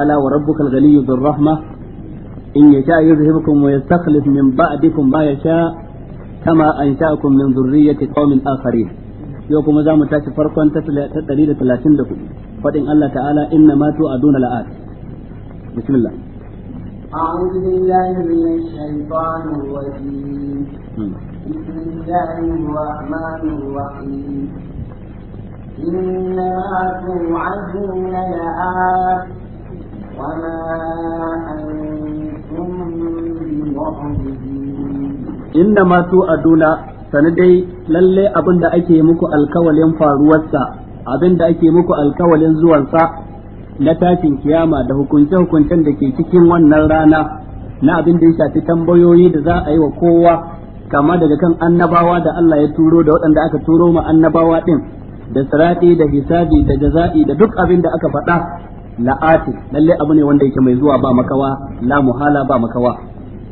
ألا وربك الغني ذو الرحمة إن يشاء يذهبكم ويستخلف من بعدكم ما يشاء كما أنشأكم من ذرية قوم آخرين يوكم زام تاتي فرقا تتليل ثلاثين لكم فإن الله تعالى إنما توعدون لآت بسم الله أعوذ بالله من الشيطان الرجيم بسم الله الرحمن الرحيم إنما توعدون لآت inna ma tu aduna sani dai lalle abin da ake muku alkawalin faruwarsa abin da ake muku alkawalin zuwansa na tashin kiyama da hukunce-hukuncen da ke cikin wannan rana na abin da ya shafi tambayoyi da za a yi wa kowa kama daga kan annabawa da Allah ya turo da waɗanda aka turo ma annabawa ɗin da sirati da hisabi da jaza'i da duk abin da aka faɗa la'ati lalle abu ne wanda yake mai zuwa ba makawa la muhala ba makawa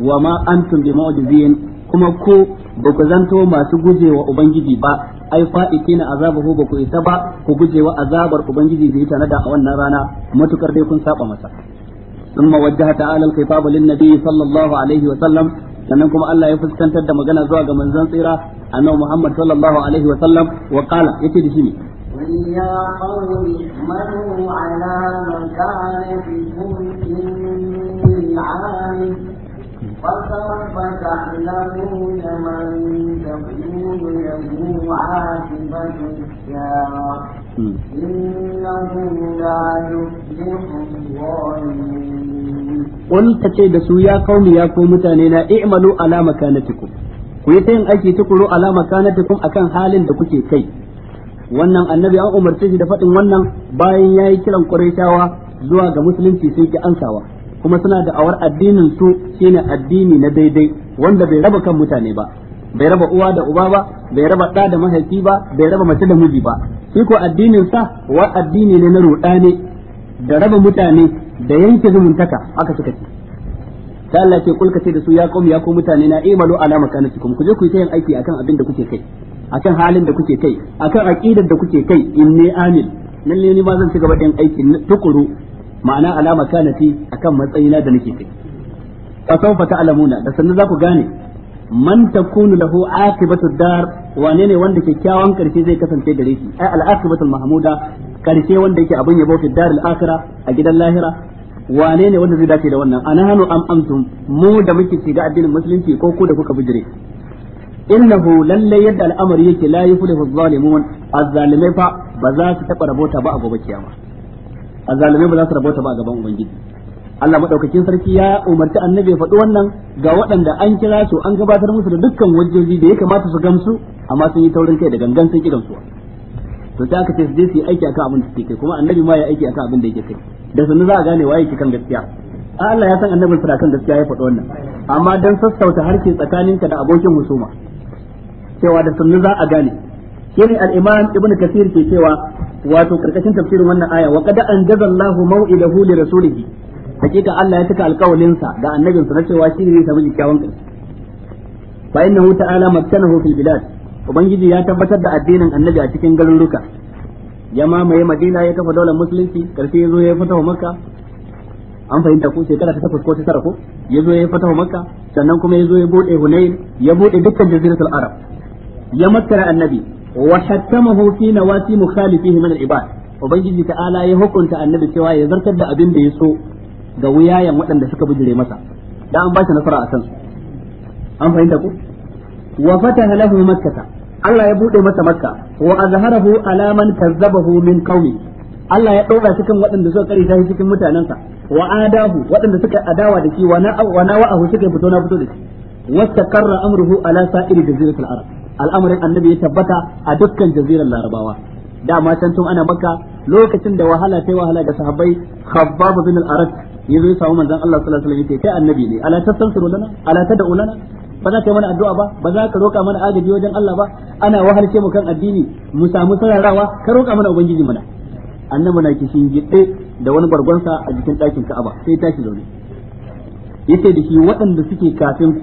wa ma antum bi mu'jizin kuma ko ba ku zanto masu gujewa ubangiji ba ai fa'itina azabahu ba ku isa ba ku gujewa azabar ubangiji da ita nada a wannan rana matukar dai kun saba masa ثم وجه تعالى الخطاب للنبي صلى الله عليه وسلم sannan kuma Allah ya fuskantar da magana zuwa ga manzon tsira annabi Muhammad sallallahu alaihi wa sallam yace da shi قل يا قوم اعملوا على مكانتكم إني mu فسوف تعلمون من تكون له عاقبة الشر إنه لا يفلح قل يا قوم يا قوم تانينا اعملوا على مكانتكم ku yi ta yin aiki tukuru ala a kan halin da kuke kai wannan annabi an umarce shi da faɗin wannan bayan ya yi kiran ƙurayshawa zuwa ga musulunci sun ki ansawa kuma suna da awar addinin su shine addini na daidai wanda bai raba kan mutane ba bai raba uwa da uba ba bai raba ɗa da mahaifi ba bai raba mace da miji ba shi ko addinin sa wa addini ne na ruɗani da raba mutane da yanke zumuntaka aka suka ce sai Allah ce kulka sai da su ya qaum ya ko mutane na imalu ala makanatikum ku je ku yi ta yin aiki akan abin da kuke kai akan halin da kuke kai akan aqidar da kuke kai inni amil lalle ni ma zan ci gaba da aiki tukuru ma'ana alama kanati akan matsayina da nake kai fa sawfa ta'lamuna da sannan za ku gane man takunu lahu aqibatu dar wane ne wanda kyakkyawan karshe zai kasance gare shi ai al-aqibatul mahmuda karshe wanda yake abin yabo fi daril akhirah a gidan lahira wane ne wanda zai dace da wannan ana hanu am amtum mu da muke shiga addinin musulunci ko ku da kuka bijire innahu lalle yadda al'amari yake la yuflihu adh-dhalimun adh-dhalimai fa ba za su taba rabota ba a gobe kiyama adh ba za su rabota ba a gaban ubangiji Allah madaukakin sarki ya umarta annabi ya faɗi wannan ga waɗanda an kira su an gabatar musu da dukkan wajoji da ya kamata su gamsu amma sun yi taurin kai da gangan sun kiran su to sai aka ce su je su yi aiki akan abin da suke kai kuma annabi ma ya aiki akan abin da yake kai da sannu za a gane waye yake kan gaskiya Allah ya san annabin sa kan gaskiya ya faɗi wannan amma dan sassauta harshe tsakaninka da abokin musuma cewa da sunna za a gane shine al-imam ibn kathir ke cewa wato karkashin tafsirin wannan aya wa qad anjaza Allahu maw'idahu li rasulihi hakika Allah ya cika alƙawalinsa da annabinsa na cewa shi ne zai samu kyakkyawan ƙarshe fa innahu ta'ala makkanahu fil bilad ubangiji ya tabbatar da addinin annabi a cikin garuruka ya mamaye madina ya kafa daular musulunci karshe ya zo ya fito makka an fahimta ko shekara ta takwas ko ta tara ko ya zo ya fito makka sannan kuma ya zo ya bude hunain ya bude dukkan jaziratul arab ya makara annabi wa hattamahu fi nawasi mukhalifihi min al-ibad ubangiji ta'ala ya hukunta annabi cewa ya zartar da abin da ya so ga wuyayen waɗanda suka bijire masa da an ba shi nasara a kansu an fahimta ku wa fataha lahu makkata Allah ya bude masa makka wa azharahu ala man kazzabahu min qaumi Allah ya ɗora cikin waɗanda suka kare shi cikin mutanensa wa adahu waɗanda suka adawa da shi wa na wa'ahu na'ahu suka fito na fito da shi wastaqarra amruhu ala sa'iri jaziratul arab al'amarin annabi ya tabbata a dukkan jazirar larabawa dama can tun ana maka lokacin da wahala ta wahala ga sahabbai khabbab bin al-arat yazo ya samu manzon Allah sallallahu alaihi wasallam yace kai annabi ne ala tastansiru lana ala tad'u lana ba za ka yi mana addu'a ba ba za ka roƙa mana agaji wajen Allah ba ana wahalce mu kan addini mu samu sararawa ka roƙa mana ubangiji mana annabi na kishin gidde da wani bargonsa a jikin ɗakin Ka'aba sai tashi zaune yace da shi waɗanda suke kafin ku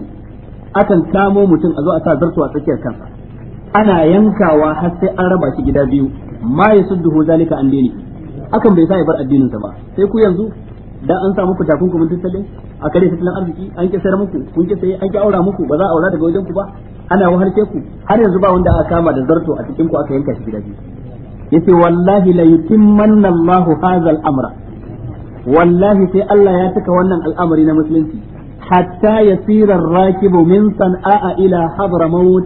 akan samo mutum a zo a sa zarto a tsakiyar kansa ana yankawa har sai an raba shi gida biyu ma duhu zalika an dini akan bai sa ya bar addinin sa ba sai ku yanzu da an sa muku mun tattalin a kare tattalin arziki an ki sayar muku kun ki sayi an ki aura muku ba za a aura daga wajen ku ba ana wahalce ku har yanzu ba wanda aka kama da zarto a cikin ku aka yanka shi gida biyu yace wallahi la yutimmanna Allahu amra wallahi sai Allah ya tuka wannan al'amari na musulunci hatta yasira ar-rakibu min san'a ila hadramaut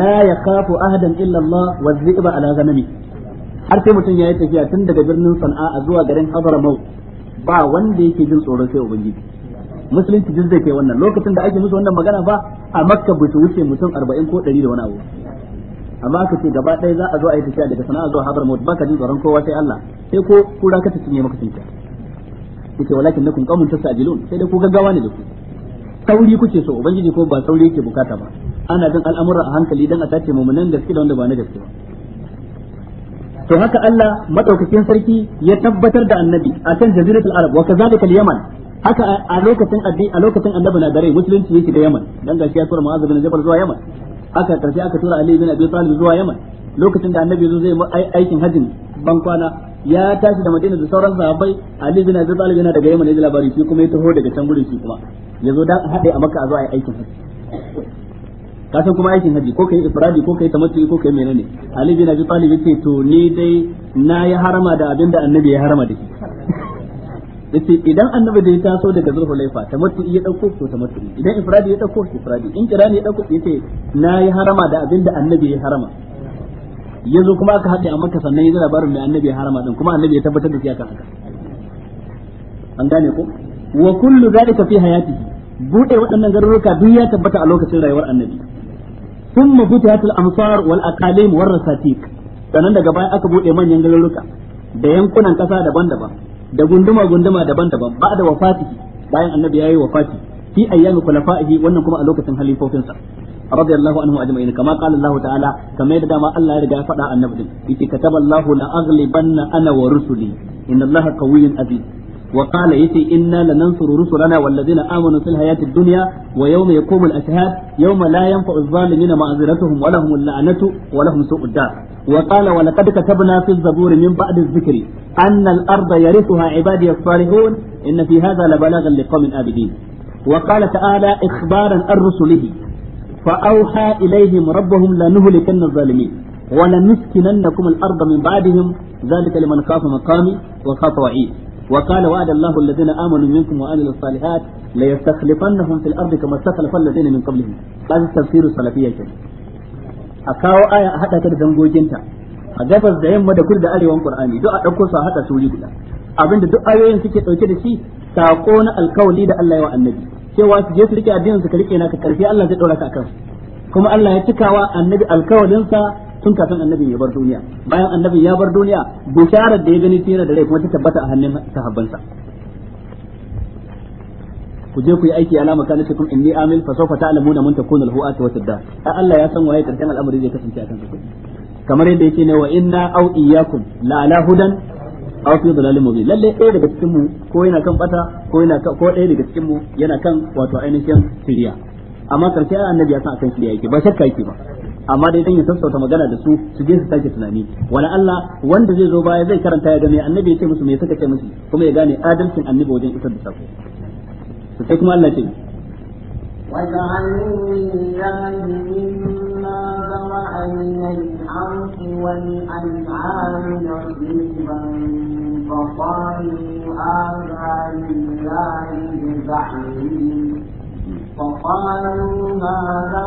la yakhafu ahadan illa Allah wa dhi'ba ala ghanami har sai mutum ya yi tafiya tun daga birnin sana'a zuwa garin hadramaut ba wanda yake jin tsoron sai ubangiji musulunci duk zai kai wannan lokacin da ake musu wannan magana ba a makka bai wuce mutum 40 ko 100 da wani abu amma aka ce gaba ɗaya za a zo a yi tafiya daga sana'a zuwa hadar ba ka jin tsoron kowa sai Allah sai ko kura ka ta cinye maka cinta yake walakin nakum qaumun tasajilun sai dai ku gaggawa ne da ku sauri kuke so ubangiji ko ba sauri yake bukata ba ana bin al'amura a hankali dan a tace mumunan gaske da wanda ba na gaske ba to haka Allah madaukakin sarki ya tabbatar da annabi akan jaziratul arab wa kazalika al-yaman haka a lokacin addi a lokacin annabi na dare musulunci yake da yaman dan gashi ya tura mu'azz bin jabal zuwa yaman haka karshe aka tura ali bin abi talib zuwa yaman lokacin da annabi zo zai aikin hajji ban kwana ya tashi da Madina da sauran sahabbai Ali bin Abi Talib yana daga Yaman ne labari shi kuma ya taho daga can gurin shi kuma yazo dan hade a maka a zo a yi aikin haji ka san kuma aikin haji ko kai ifradi ko kai tamattu ko kai menene Ali bin Abi Talib yace to ni dai na yi harama da abinda annabi ya harama da shi yace idan annabi da ya taso daga laifa tamattu ya dauko to tamattu idan ifradi ya dauko ifradi in kirani ya dauko yace na yi harama da abinda annabi ya harama ya zo kuma aka haɗe a maka sannan ya labarin mai annabi ya harama din kuma annabi ya tabbatar da shi aka haka an gane ko wa kullu zalika fi hayati bude waɗannan garuruka duk ya tabbata a lokacin rayuwar annabi thumma futihat amsar wal aqalim war rasatik sannan daga baya aka bude manyan garuruka da yankunan kasa daban-daban da gunduma gunduma daban-daban ba da wafati bayan annabi ya yayi wafati fi ayyami khulafa'ihi wannan kuma a lokacin halifofinsa radiyallahu anhu ajma'in kama qala Allah ta'ala kamar da dama Allah ya riga ya faɗa annabi din yace kataballahu la ana wa rusuli inna Allah azi aziz wa qala yace inna lanansuru rusulana wal ladina amanu fil hayati dunya wa yawma yaqumu al ashhad yawma la yanfa'u adh-dhalimina ma'ziratuhum wa lahum al-la'natu wa lahum wa qala wa laqad katabna fi adh-zaburi min ba'di adh-dhikri anna al-arda yarithuha ibadiy as-salihun inna fi haza la balaghan liqawmin abidin وقال تعالى إخبارا عن رسله فأوحى إليهم ربهم لنهلكن الظالمين ولنسكننكم الأرض من بعدهم ذلك لمن خاف مقامي وخاف وعيد وقال وعد الله الذين آمنوا منكم وعملوا الصالحات ليستخلفنهم في الأرض كما استخلف الذين من قبلهم هذا التفسير السلفية أكاو آية حتى تدنجو جنتا أجابت زعيم مدى كل دقالي وان قرآني دعا أكو ساحة سولي abinda duk ayoyin suke dauke da shi sako na alkawali da Allah ya wa annabi cewa su je su rike addinin su ka rike naka karfi Allah zai daura ka akan kuma Allah ya cikawa annabi alkawalin sa tun kafin annabi ya bar duniya bayan annabi ya bar duniya bisharar da ya gani tana da rai kuma ta tabbata a hannun sahabbansa ku je ku yi aiki alama kana cikin inni amil fa sawfa ta'lamuna mun takuna al-hu'atu wa tidda Allah ya san waye karshen al'amari zai kasance a kansa kamar yadda yake ne wa inna au iyyakum la ala hudan aw fi dalalin mubin lalle ɗaya daga cikin mu ko yana kan bata ko yana ko ɗaya daga cikin mu yana kan wato ainihin siriya amma karshe annabi ya san akan siriya yake ba shakka yake ba amma dai dan ya sassauta magana da su su je su sake tunani wala Allah wanda zai zo baya zai karanta ya ga me annabi yake musu me suka ce musu kuma ya gane adalcin annabi wajen isar da sako sai kuma Allah ce ذوى عين الحرث والأنعام نصيبا فقالوا هذا لله بزعمهم فقالوا هذا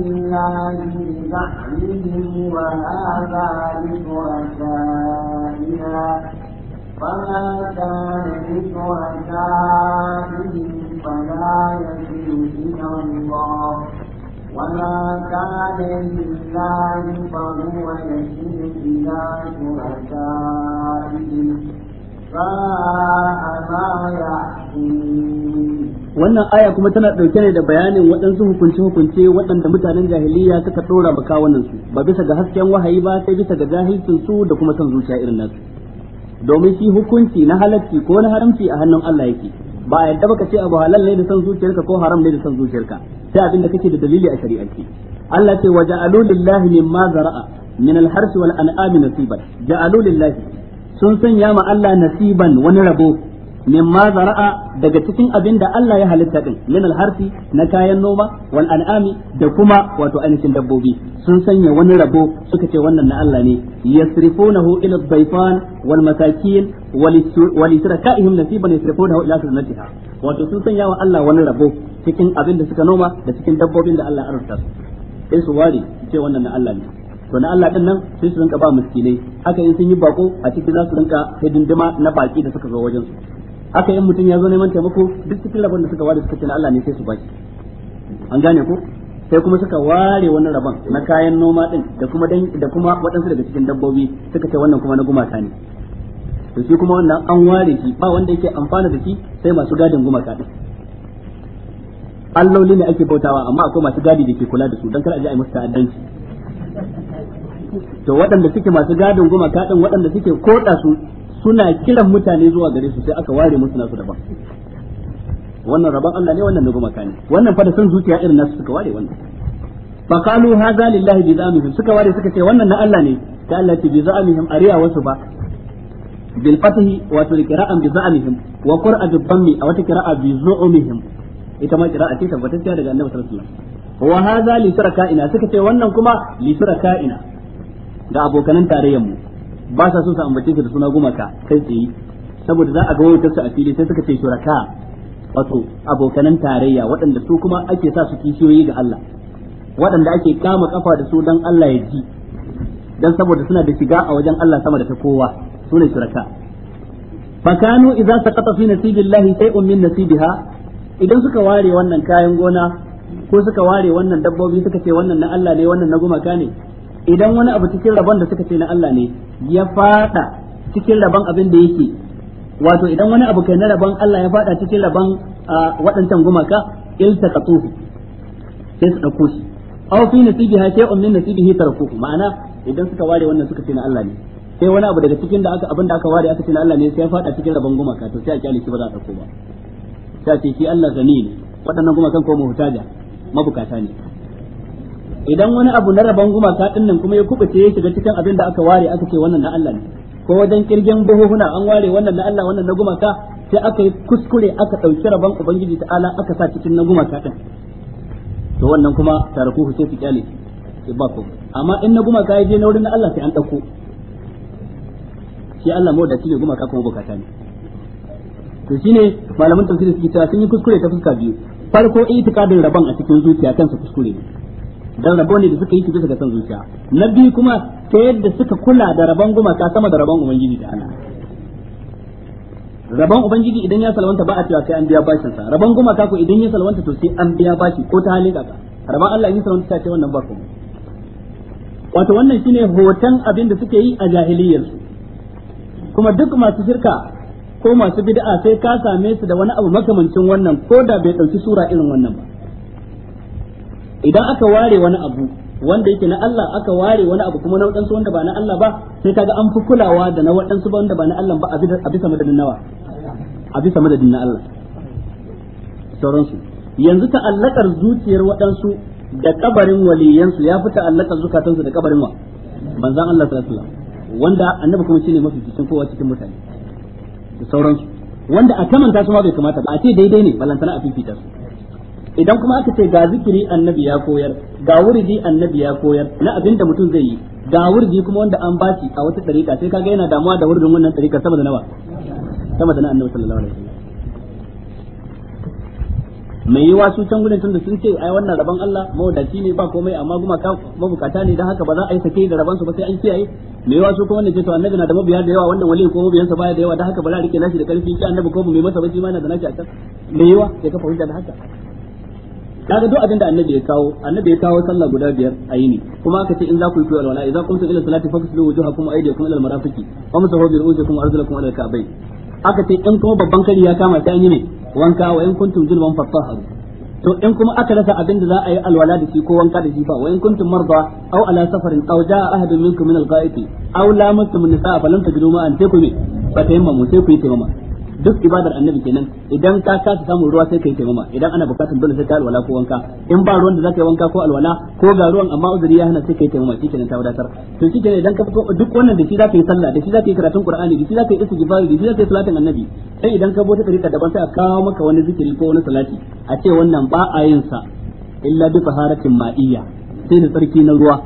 لله بزعمهم وهذا لشركائنا فما كان لشركائهم فلا يصل إلى الله وما كان لله فهو إلى شركائهم ساء ما wannan aya kuma tana ɗauke ne da bayanin waɗansu hukunce-hukunce waɗanda mutanen jahiliya suka ɗora ba kawunan su ba bisa ga hasken wahayi ba sai bisa ga jahilcin su da kuma son zuciya irin nasu domin shi hukunci na halarci ko na haramci a hannun Allah yake ba a yadda baka ce abu halal ne da san zuciyarka ko haram ne da san zuciyarka sai abin da kake da dalili a shari'ance Allah ce wa ja'alu lillahi mimma zara'a min al-harsi wal an'ami nasiban ja'alu lillahi sun sanya ma Allah nasiban wani rabo mimma zara'a daga cikin abin da Allah ya halitta din min alharfi na kayan noma wal an'ami da kuma wato ainihin dabbobi sun sanya wani rabo suka ce wannan na Allah ne yasrifunahu ila dhayfan wal masakin wal israkaihim nasiban yasrifunahu ila sunnatiha wato sun sanya wa Allah wani rabo cikin abin da suka noma da cikin dabbobin da Allah ya arzuta su sai su ware ce wannan na Allah ne to na Allah din nan sai su rinka ba miskinai haka in sun yi bako a cikin za su rinka hidindima na baki da suka zo wajen su haka yin mutum ya zo neman taimako duk cikin rabon da suka ware suka ce na Allah ne sai su baki an gane ko sai kuma suka ware wannan rabon na kayan noma din da kuma da kuma waɗansu daga cikin dabbobi suka ce wannan kuma na gumaka ne to shi kuma wannan an ware shi ba wanda yake amfana da shi sai masu gadin gumaka din alloli ne ake bautawa amma akwai masu gadi da ke kula da su don kar a je a yi musu ta'addanci to waɗanda suke masu gadin gumaka din waɗanda suke koda su suna kiran mutane zuwa gare su sai aka ware musu nasu daban wannan rabon Allah ne wannan na gumaka ne wannan fa da san zuciya irin nasu suka ware wannan fa qalu hadha lillahi bi zamihim suka ware suka ce wannan na Allah ne ta Allah ce bi zamihim ariya wasu ba bil fathi wa tul qira'an bi zamihim wa qira'a bi dhammi aw ta qira'a bi zu'mihim ita ma qira'a ce tabbatacciya daga Annabi sallallahu alaihi wasallam wa hadha li shurakaina suka ce wannan kuma li shurakaina ga abokanan tarayyar mu ba sa so su ambace da suna gumaka kai tsaye saboda za a ga wani su a fili sai suka ce shuraka wato abokanan tarayya waɗanda su kuma ake sa su kishiyoyi ga Allah waɗanda ake kama kafa da su dan Allah ya ji dan saboda suna da shiga a wajen Allah sama da ta kowa su ne shuraka fakanu idza saqata fi nasibillahi shay'un min nasibiha idan suka ware wannan kayan gona ko suka ware wannan dabbobi suka ce wannan na Allah ne wannan na gumaka ne idan wani abu cikin rabon da suka ce na Allah ne ya fada cikin rabon abin da yake wato idan wani abu kai na rabon Allah ya fada cikin rabon waɗancan gumaka iltaqatuhu sai su dauko shi aw fi nasibiha shay'un min nasibihi tarkuhu ma'ana idan suka ware wannan suka ce na Allah ne sai wani abu daga cikin da aka abin da aka ware aka ce na Allah ne sai ya fada cikin rabon gumaka to sai a kyale shi ba za a dauko ba sai ce shi Allah gani ne waɗannan gumakan ko muhtaja mabukata ne idan wani abu na rabon gumaka din nan kuma ya kubuce ya shiga cikin abin da aka ware aka ce wannan na Allah ne ko wajen kirgin buhuhuna an ware wannan na Allah wannan na gumaka sai aka yi kuskure aka dauki rabon ubangiji ala aka sa cikin na gumaka din to wannan kuma tarakuhu sai su kyale sai ba ku amma in na gumaka ya je na wurin na Allah sai an dauko shi Allah mu da shi ne gumaka kuma bukata ne to shine malaman tafsiri suke cewa sun yi kuskure ta fuska biyu farko itikadin rabon a cikin zuciya kansa kuskure ne dan rabo ne da suka yi bisa ga san zuciya na biyu kuma ta yadda suka kula da rabon gumaka sama da rabon ubangiji da Allah rabon ubangiji idan ya salwanta ba a cewa sai an biya bashin sa rabon gumaka ko idan ya salwanta to sai an biya bashi ko ta halin kaka rabon Allah in salwanta ta ce wannan ba ku wato wannan shine hoton abin da suke yi a jahiliyar su kuma duk masu shirka ko masu bid'a sai ka same su da wani abu makamancin wannan ko da bai dauki sura irin wannan ba idan aka ware wani abu wanda yake na Allah aka ware wani abu kuma na waɗansu wanda ba na Allah ba sai kaga an fi kulawa da na waɗansu ba wanda ba na Allah ba a bisa madadin nawa a bisa madadin na Allah sauransu yanzu ta'allakar zuciyar waɗansu da kabarin waliyansu ya fi ta'allakar zukatansu da kabarin wa manzon Allah sallallahu alaihi wasallam wanda annabi kuma shine mafi cikin kowa cikin mutane da sauransu wanda a kamanta su ma bai kamata ba a ce daidai ne balantana a fifita su idan kuma aka ce ga zikiri annabi ya koyar ga wurdi annabi ya koyar na abin da mutum zai yi ga wurdi kuma wanda an bashi a wata tsarika sai kaga yana damuwa da wurdin wannan tsarika sama da nawa sama da na annabi sallallahu alaihi wasallam mai yiwa su can gudun tun da sun ce ai wannan rabon Allah mawadaci ne ba komai amma ka mabukata ne dan haka ba za a yi sake da rabon su ba sai an kiyaye mai yiwa su kuma ne ce to annabi na da mabiya da yawa wannan wali ko sa baya da yawa dan haka ba za a rike nashi da karfi ki annabi ko mai masa ba shi ma yana da nashi a kan mai yiwa sai ka fahimta da haka kaga duk abin da annabi ya kawo annabi ya kawo sallah guda biyar a yini kuma aka ce in za ku yi koyar wala idza qumtum ila salati faghsilu wujuhakum wa aydiyakum ila al-marafiqi wa masahu bi ru'usikum wa arjulakum ila al-ka'bayn aka ce in kuma babban kari ya kama sai an ne wanka wa in kuntum julban fatahharu to in kuma aka rasa abin da za a yi alwala da shi ko wanka da shi fa wa in kuntum marda aw ala safarin aw jaa ahadun minkum min al-ghaibi aw lamastum an-nisaa falam tajidu ma'an sai ku ne ba tayammamu sai ku yi tayammama duk ibadar annabi kenan idan ka kasa samun ruwa sai kai taimama idan ana bukatun dole sai ka alwala ko wanka in ba ruwan da zaka yi wanka ko alwala ko ga ruwan amma uzuri ya hana sai kai taimama shi kenan ta wadatar to kenan idan ka fito duk wannan da shi zaka yi sallah da shi zaka yi karatun qur'ani da shi zaka yi istighfar da shi zaka yi salatin annabi sai idan ka bota tarika daban sai a kawo maka wani zikiri ko wani salati a ce wannan ba a yin sa illa bi taharatin ma'iyya sai da tsarki na ruwa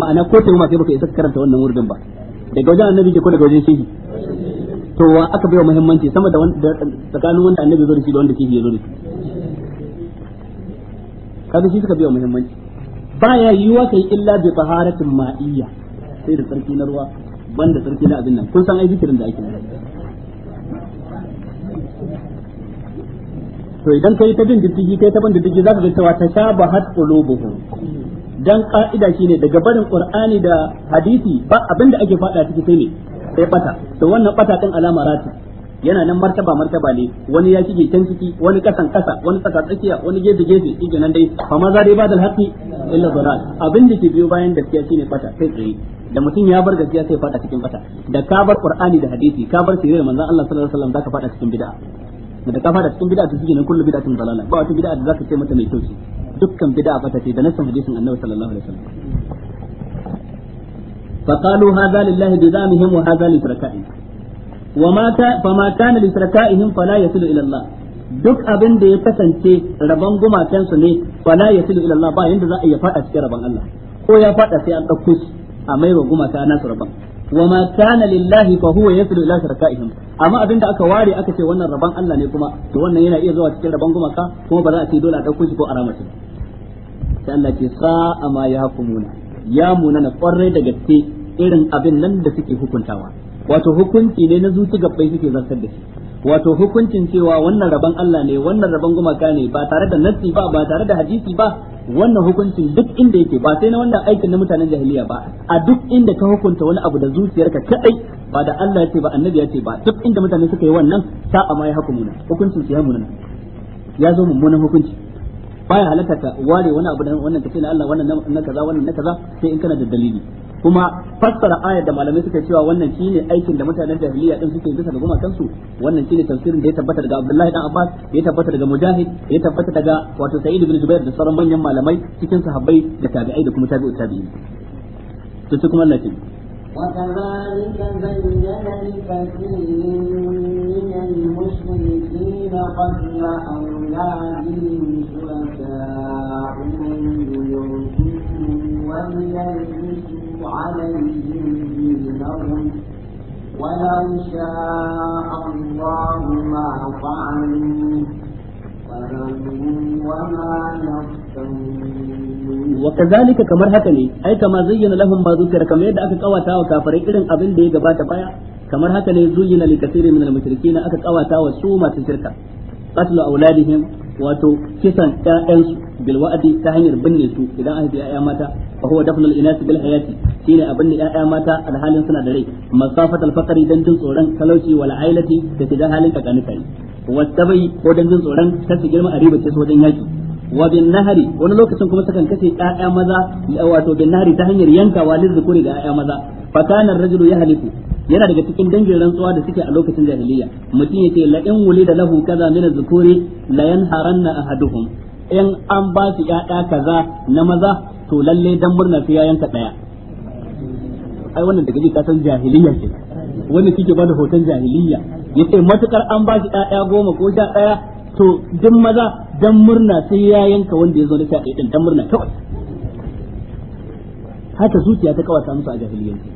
ma'ana ko taimama sai baka isa karanta wannan wurin ba daga wajen annabi ke ko daga wajen shehi to wa aka bai wa muhimmanci sama da tsakanin wanda annabi zo da shi da wanda kifi ya zo da shi kaga shi suka bai wa muhimmanci baya yiwa kai illa bi taharatin ma'iyya sai da sarki na ruwa banda sarki na abin nan kun san ai zikirin da ake yi to idan kai ta bin diddigi kai ta bin diddigi zaka ga cewa ta shabahat qulubuhum dan ka'ida shine daga barin qur'ani da hadisi ba abinda ake fada ciki sai ne sai bata to wannan bata din alama rati yana nan martaba martaba ne wani ya kige can ciki wani kasan kasa wani tsaka tsakiya wani gefe gefe kige nan dai fa ma za dai badal haqqi illa dalal abin da ke biyo bayan gaskiya shine bata sai tsaye da mutum ya bar gaskiya sai fada cikin bata da ka bar qur'ani da hadisi ka bar sirrin manzon Allah sallallahu alaihi wasallam zaka fada cikin bid'a da ka fada cikin bid'a to shige kullu bid'atin dalala ba wata bid'a da zaka ce mata mai tauci dukkan bid'a bata ce da nasan hadisin Annabi sallallahu alaihi wasallam فقالوا هذا لله بزعمهم وهذا لشركائهم وما فما كان لشركائهم فلا يصل الى الله duk abin da ya kasance rabon gumakensu ne fala ya tilu ila ba yanda za a iya fada cikin rabon Allah ko ya fada sai an dauko shi a maiwa gumaka na su rabon wa ma kana lillahi fa huwa yasilu ila shirkaihim amma abin da aka ware aka ce wannan rabon Allah ne kuma to wannan yana iya zuwa cikin rabon gumaka kuma ba za a ce dole a dauko shi ko a rama shi sai Allah ce sa'a ma yahkumuna ya munana kwarai da gaske irin abin nan da suke hukuntawa wato hukunci ne na zuci gabbai suke zartar da shi wato hukuncin cewa wannan rabon Allah ne wannan rabon gumaka ne ba tare da nassi ba ba tare da hadisi ba wannan hukuncin duk inda yake ba sai na wannan aikin na mutanen jahiliya ba a duk inda ka hukunta wani abu da zuciyarka kadai ba da Allah ya ce ba annabi ya ce ba duk inda mutane suka yi wannan sa'a ma ya hukumuna hukuncin su ya munana ya zo mummunan hukunci baya halatta ka ware wani abu da wannan kace na Allah wannan na kaza wannan na kaza sai in kana da dalili kuma fassara ayar da malamai suka cewa wannan shine aikin da mutanen jahiliya din suke bisa ga gumakan su wannan shine tafsirin da ya tabbata daga Abdullahi dan Abbas ya tabbata daga Mujahid ya tabbata daga wato Sa'id ibn Jubair da sauran manyan malamai cikin sahabbai da tabi'ai da kuma tabi'u tabi'in to sai kuma Allah ya وكذلك زين لكثير من المشركين قتل أولادهم شركاءهم ليرجعوا وليلبسوا عليهم دينهم ولو شاء الله ما فعلوا فهم وما يفترون wa kazalika kamar haka ne ai kama zayyana lahum ma zukira kamar yadda aka kawata wa kafirai irin abin da ya gabata baya kamar haka ne zuyyina li kaseerin min al na aka kawata wa su masu shirka qatlu auladihim wato kisan ƴaƴansu bil wa'di ta hanyar binne su idan an aka 'ya'ya mata fa huwa dafnul inas bil hayati shine abin da 'ya'ya mata alhalin suna da rai masafat al faqri dan jin tsoron talauci wal ailati da shiga halin kakanika ne bai ko dan tsoron kasa girma a riba ce su wajen yaki wa bin nahari wani lokacin kuma sukan kashe ƴaƴa maza wato bin nahari ta hanyar yanka yankawa lizzukuri ga ƴaƴa maza fa kana ar-rajulu yahliku yana daga cikin dangin rantsuwa da suke a lokacin jahiliya mutum yace la in wulida lahu kaza min az-zukuri la yanharanna ahaduhum in an ba su ƴaƴa kaza na maza to lalle dan murna sai ya yanka daya ai wannan daga ji ka san jahiliya ce wani kike ba da hoton jahiliya yace matukar an ba shi ƴaƴa goma ko sha ɗaya to duk maza dan murna sai ya yanka wanda ya zo na shaɗe dan murna kawai haka zuciya ta kawata musu a jahiliyyanci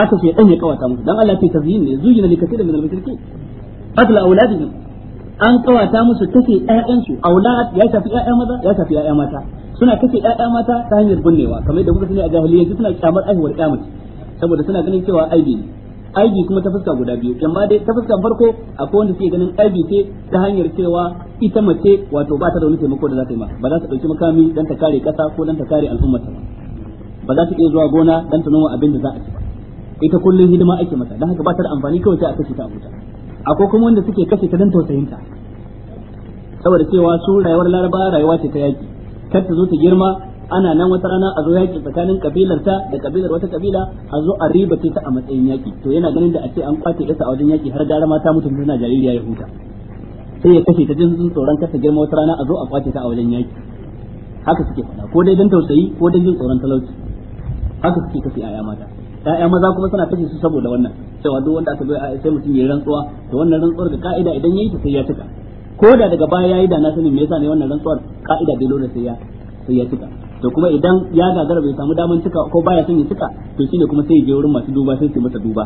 haka sai dan ya kawata musu dan Allah ya tazyin ne zuyina li da min al-mushrikeen qatl auladihim an kawata musu kashe ƴaƴan su aulad ya shafi ƴaƴa maza ya shafi ƴaƴa mata suna kashe ƴaƴa mata ta hanyar bunnewa kamar da kuka sani a jahiliyyanci suna kyamar aihuwar ƴa saboda suna ganin cewa aibi ne aibi kuma ta fuska guda biyu yamma dai ta fuska farko akwai wanda suke ganin aibi ce ta hanyar cewa ita mace wato ba ta da wani taimako da za ta yi ma ba za ta dauki makami dan ta kare kasa ko dan ta kare al'umma ta ba za ta iya zuwa gona dan ta noma abin da za a ci ita kullun hidima ake mata dan haka ba ta da amfani kawai ta a kashe ta abuta akwai kuma wanda suke kashe ta dan tausayinta, saboda cewa su rayuwar laraba rayuwa ce ta yaki kar ta zo ta girma ana nan wata rana a zo yaki tsakanin kabilar ta da kabilar wata kabila a zo a riba ce ta a matsayin yaki to yana ganin da a ce an kwace ta a wajen yaki har gara mata mutum tana jaririya ya huta sai ya kashe ta jin tsoron kasa girma wata rana a zo a kwace ta a wajen yaki haka suke faɗa ko dai don tausayi ko don jin tsoron talauci haka suke kashe aya mata ƴaƴa maza kuma suna kashe su saboda wannan cewa duk wanda aka a sai mutum ya rantsuwa to wannan rantsuwar ga ka'ida idan yayi ta sai ya cika ko da daga baya yayi da na sanin me yasa ne wannan rantsuwar ka'ida bai lura sai ya sai ya cika to kuma idan ya gagara bai samu daman cika ko baya son ya cika to shine kuma sai ya je wurin masu duba sai su masa duba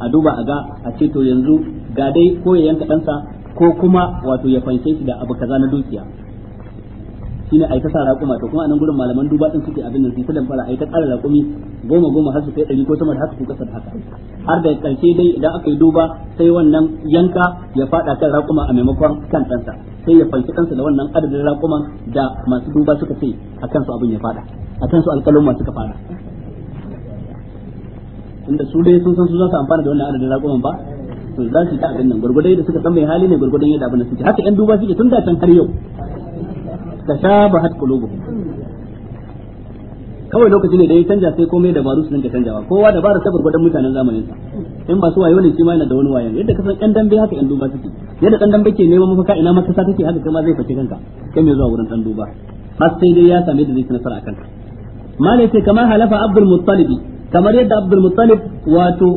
a duba a ga a ce to yanzu ga dai ko ya yanka ɗansa ko kuma wato ya fanshe shi da abu kaza na dukiya shine ai ta sa raƙuma to kuma anan gurin malaman duba din suke abin nan sai ta fara yi ta ƙara raƙumi goma goma har su kai ɗari ko sama da haka ko kasar haka har da ƙarshe dai idan aka yi duba sai wannan yanka ya faɗa kan raƙuma a maimakon kan ɗansa sai ya fanci kansa da wannan adadin raƙuman da masu duba suka ce a kansu abin ya fada a kansu alƙalumma suka fada inda su dai sun san su za su amfana da wannan adadin raƙuman ba to za su ta abin nan gurgudai da suka san mai hali ne gurgudan yadda abin da suke haka yan duba suke tun da can har yau sha ba tashabahat qulubuhum kawai lokaci ne da ya canja sai komai dabaru su dinka canjawa kowa dabara sabar gurgurdan mutanen zamanin sa in ba su wayo ne shi ma yana da wani wayo yadda kasan ɗan dambe haka ɗan duba take yadda dan dambe ke neman mafaka ina ma kasa take haka kuma zai fashe kanka kai mai zuwa wurin ɗan duba har sai dai ya same da zai nasara a kanka malai sai kamar halafa abdul muttalibi kamar yadda abdul muttalib wato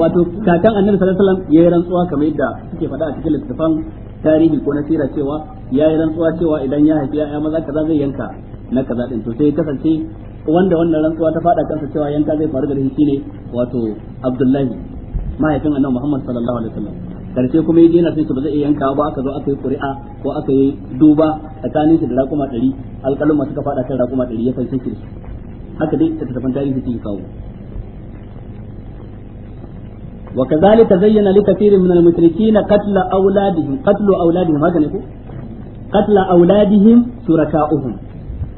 wato kakan annabi sallallahu alaihi wasallam yi rantsuwa kamar yadda suke faɗa a cikin littafin tarihi ko na sira cewa yi rantsuwa cewa idan ya haifi ya maza kaza zai yanka na kaza din to sai ya kasance wanda wannan rantsuwa ta fada kansa cewa yanka zai faru da shi shine wato Abdullahi mahaifin Annabi Muhammad sallallahu alaihi wasallam karshe kuma yaje yana sai ba zai yanka ba aka zo aka yi ko aka yi duba tsakanin shi da raƙuma 100 alƙaluma suka fada kan raƙuma 100 ya fanshi shi haka dai ta tafan tarihi take kawo وكذلك زين لكثير من المشركين قتل أولادهم قتل أولادهم هذا قتل أولادهم شركاؤهم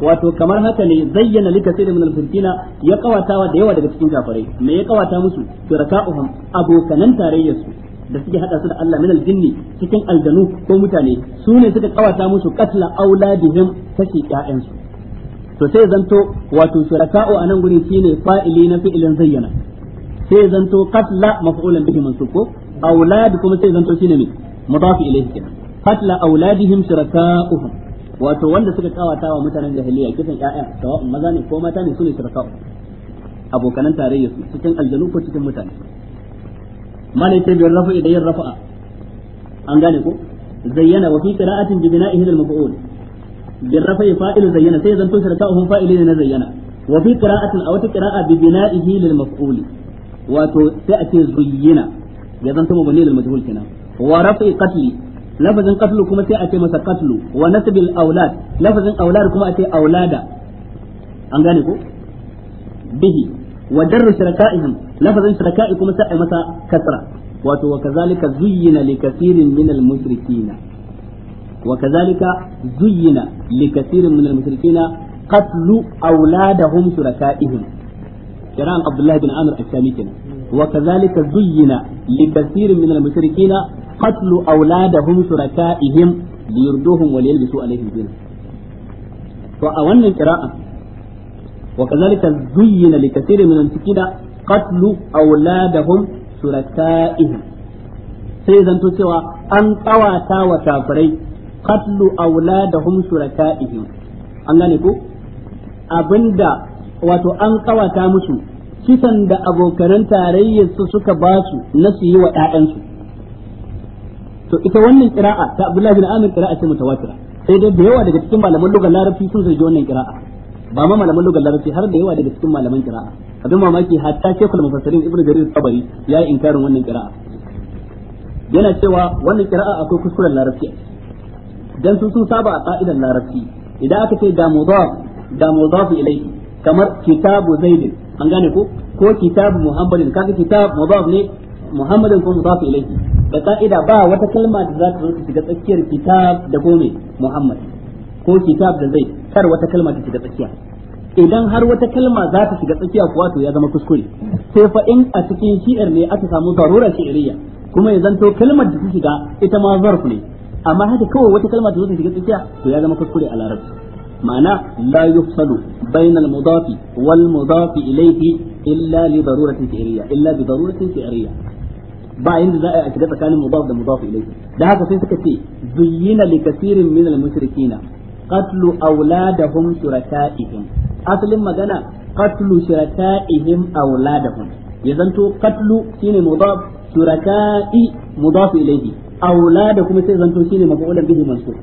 wato kamar haka ne zayyana lika sai min al ya kawata wa da yawa daga cikin kafirai me ya kawata musu shuraka'uhum abokanan tarayyar su da suke hada su da Allah min al cikin aljanu ko mutane su ne suka kawata musu katla auladihim kashi ƴaƴan su to sai zanto wato shuraka'u anan gurin shine fa'ili na fi'ilin zayyana sai zanto katla maf'ulan bihi mansub ko aulad kuma sai zanto shine ne mudafi ilayhi katla auladihim shuraka'uhum wato wanda suka kawata wa mutanen jahiliya kisan ƴaƴa sawa'un maza ne ko mata ne su ne shirka'u abokanan tarayya su cikin aljanu ko cikin mutane mana yace biyar rafa'i da yin rafa'a an gane ko zayyana wa fi qira'atin bi bina'ihi lil maf'ul Bin rafa'i fa'ilu zayyana sai zan zanto shirka'uhum fa'ilin na zayyana wa fi qira'atin aw ta qira'a bi bina'ihi lil maf'ul wato sai a ce zuyyina ya zanto mabni lil majhul kenan wa rafa'i qatli lafazin qatlu kuma sai a ce masa qatlu wa nasbil aulad lafazin aulad kuma a ce aulada an gane ko bihi wa darru shirakaihim lafazin shiraka'i kuma sai a masa kasra wato wa kazalika zuyyina likathirin min al-mushrikeen wa kazalika zuyyina likathirin min al-mushrikeen qatlu auladahum shirakaihim kiran abdullah bin amr al-shami kenan وكذلك زين لكثير من المشركين qatlu auladahum shuraka'ihim liyurduhum wa liyalbisu alaihim din to a wannan qira'a wa kadhalika zuyyina likathirin min al-fikida qatlu auladahum shuraka'ihim sai zanto cewa an tsawata wa an gane abinda wato an ƙawata musu kisan da abokanan tarayyar su suka basu na su yi wa 'ya'yansu to ita wannan qira'a ta Abdullahi bin Amir qira'a ce mutawatira sai dai da yawa daga cikin malaman lugar larabci sun sai wannan qira'a ba ma malaman lugar larabci har da yawa daga cikin malaman qira'a abin mamaki hatta shekul mufassirin Ibn Jarir Tabari ya yi inkarin wannan qira'a yana cewa wannan qira'a akwai kuskuren larabci dan su sun saba a ka'idar larabci idan aka ce da mudaf da mudaf ilayhi kamar kitabu zaidin an gane ko ko kitabu muhammadin kaga kitab mudaf ne muhammadin ko mudaf ilayhi da ka'ida ba wata kalma da za ta zo ta shiga tsakiyar kitab da gome muhammad ko kitab da zai kar wata kalma ta shiga tsakiya idan har wata kalma za ta shiga tsakiya kuwa to ya zama kuskure sai fa in a cikin shi'ar ne aka samu darura shi'iriyya kuma ya zanto kalmar da ta shiga ita ma zarf ne amma haka kawai wata kalma ta zo ta shiga tsakiya to ya zama kuskure a larabci ma'ana la yufsadu bayna al-mudafi wal mudafi ilayhi illa li daruratin fi'liyya illa bi daruratin fi'liyya ba yanda za a yi a shiga tsakanin mudaf da mudaf ilayhi da haka sai suka ce zuyyina li kasirin min al mushrikina qatlu awladahum shuraka'ihim asalin magana qatlu shuraka'ihim awladahum ya zanto qatlu shine mudaf shuraka'i mudaf ilayhi awlada kuma sai zanto shine maf'ulan bihi mansub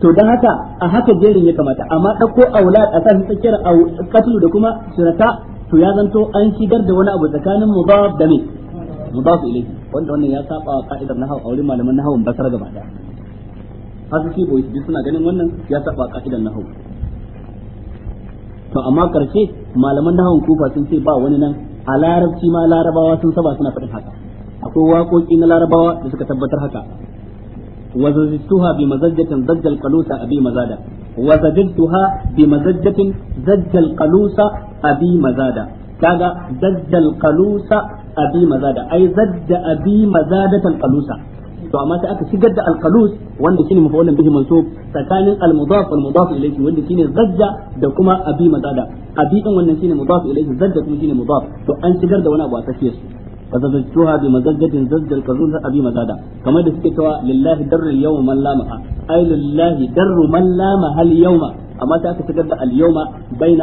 to dan haka a haka jerin ya kamata amma dauko aulad a sa tsakiyar qatlu da kuma shuraka to ya zanto an shigar da wani abu tsakanin mudaf da mai su ilayhi wanda wannan ya saba ka'idar a wurin malaman nahwu basar gaba daya hasiki boy duk suna ganin wannan ya saba ka'idar nahwu to amma karshe malaman nahwu kufa sun ce ba wani nan a larabci ma larabawa sun saba suna faɗin haka akwai waƙoƙi na larabawa da suka tabbatar haka bi وزجتها بمزجة زج القلوس أبي مزادة bi mazajjatin zajjal qalusa abi mazada kaga zajjal qalusa abi mazada ai zadda abi mazadat al-qalusa to amma sai aka shigar da al-qalus wanda shine mafa'ulun bihi mansub tsakanin al-mudaf wal mudaf ilayhi wanda shine zadda da kuma abi mazada abi din wannan shine mudaf ilayhi zadda kuma shine mudaf to an shigar da wani abu a tsakiyar su فزوجتها بمزجة زج الكذوب أبي a كما تسكتوا لله در اليوم من لامها أي لله در من لامها اليوم أما تأكد تقدر اليوم بين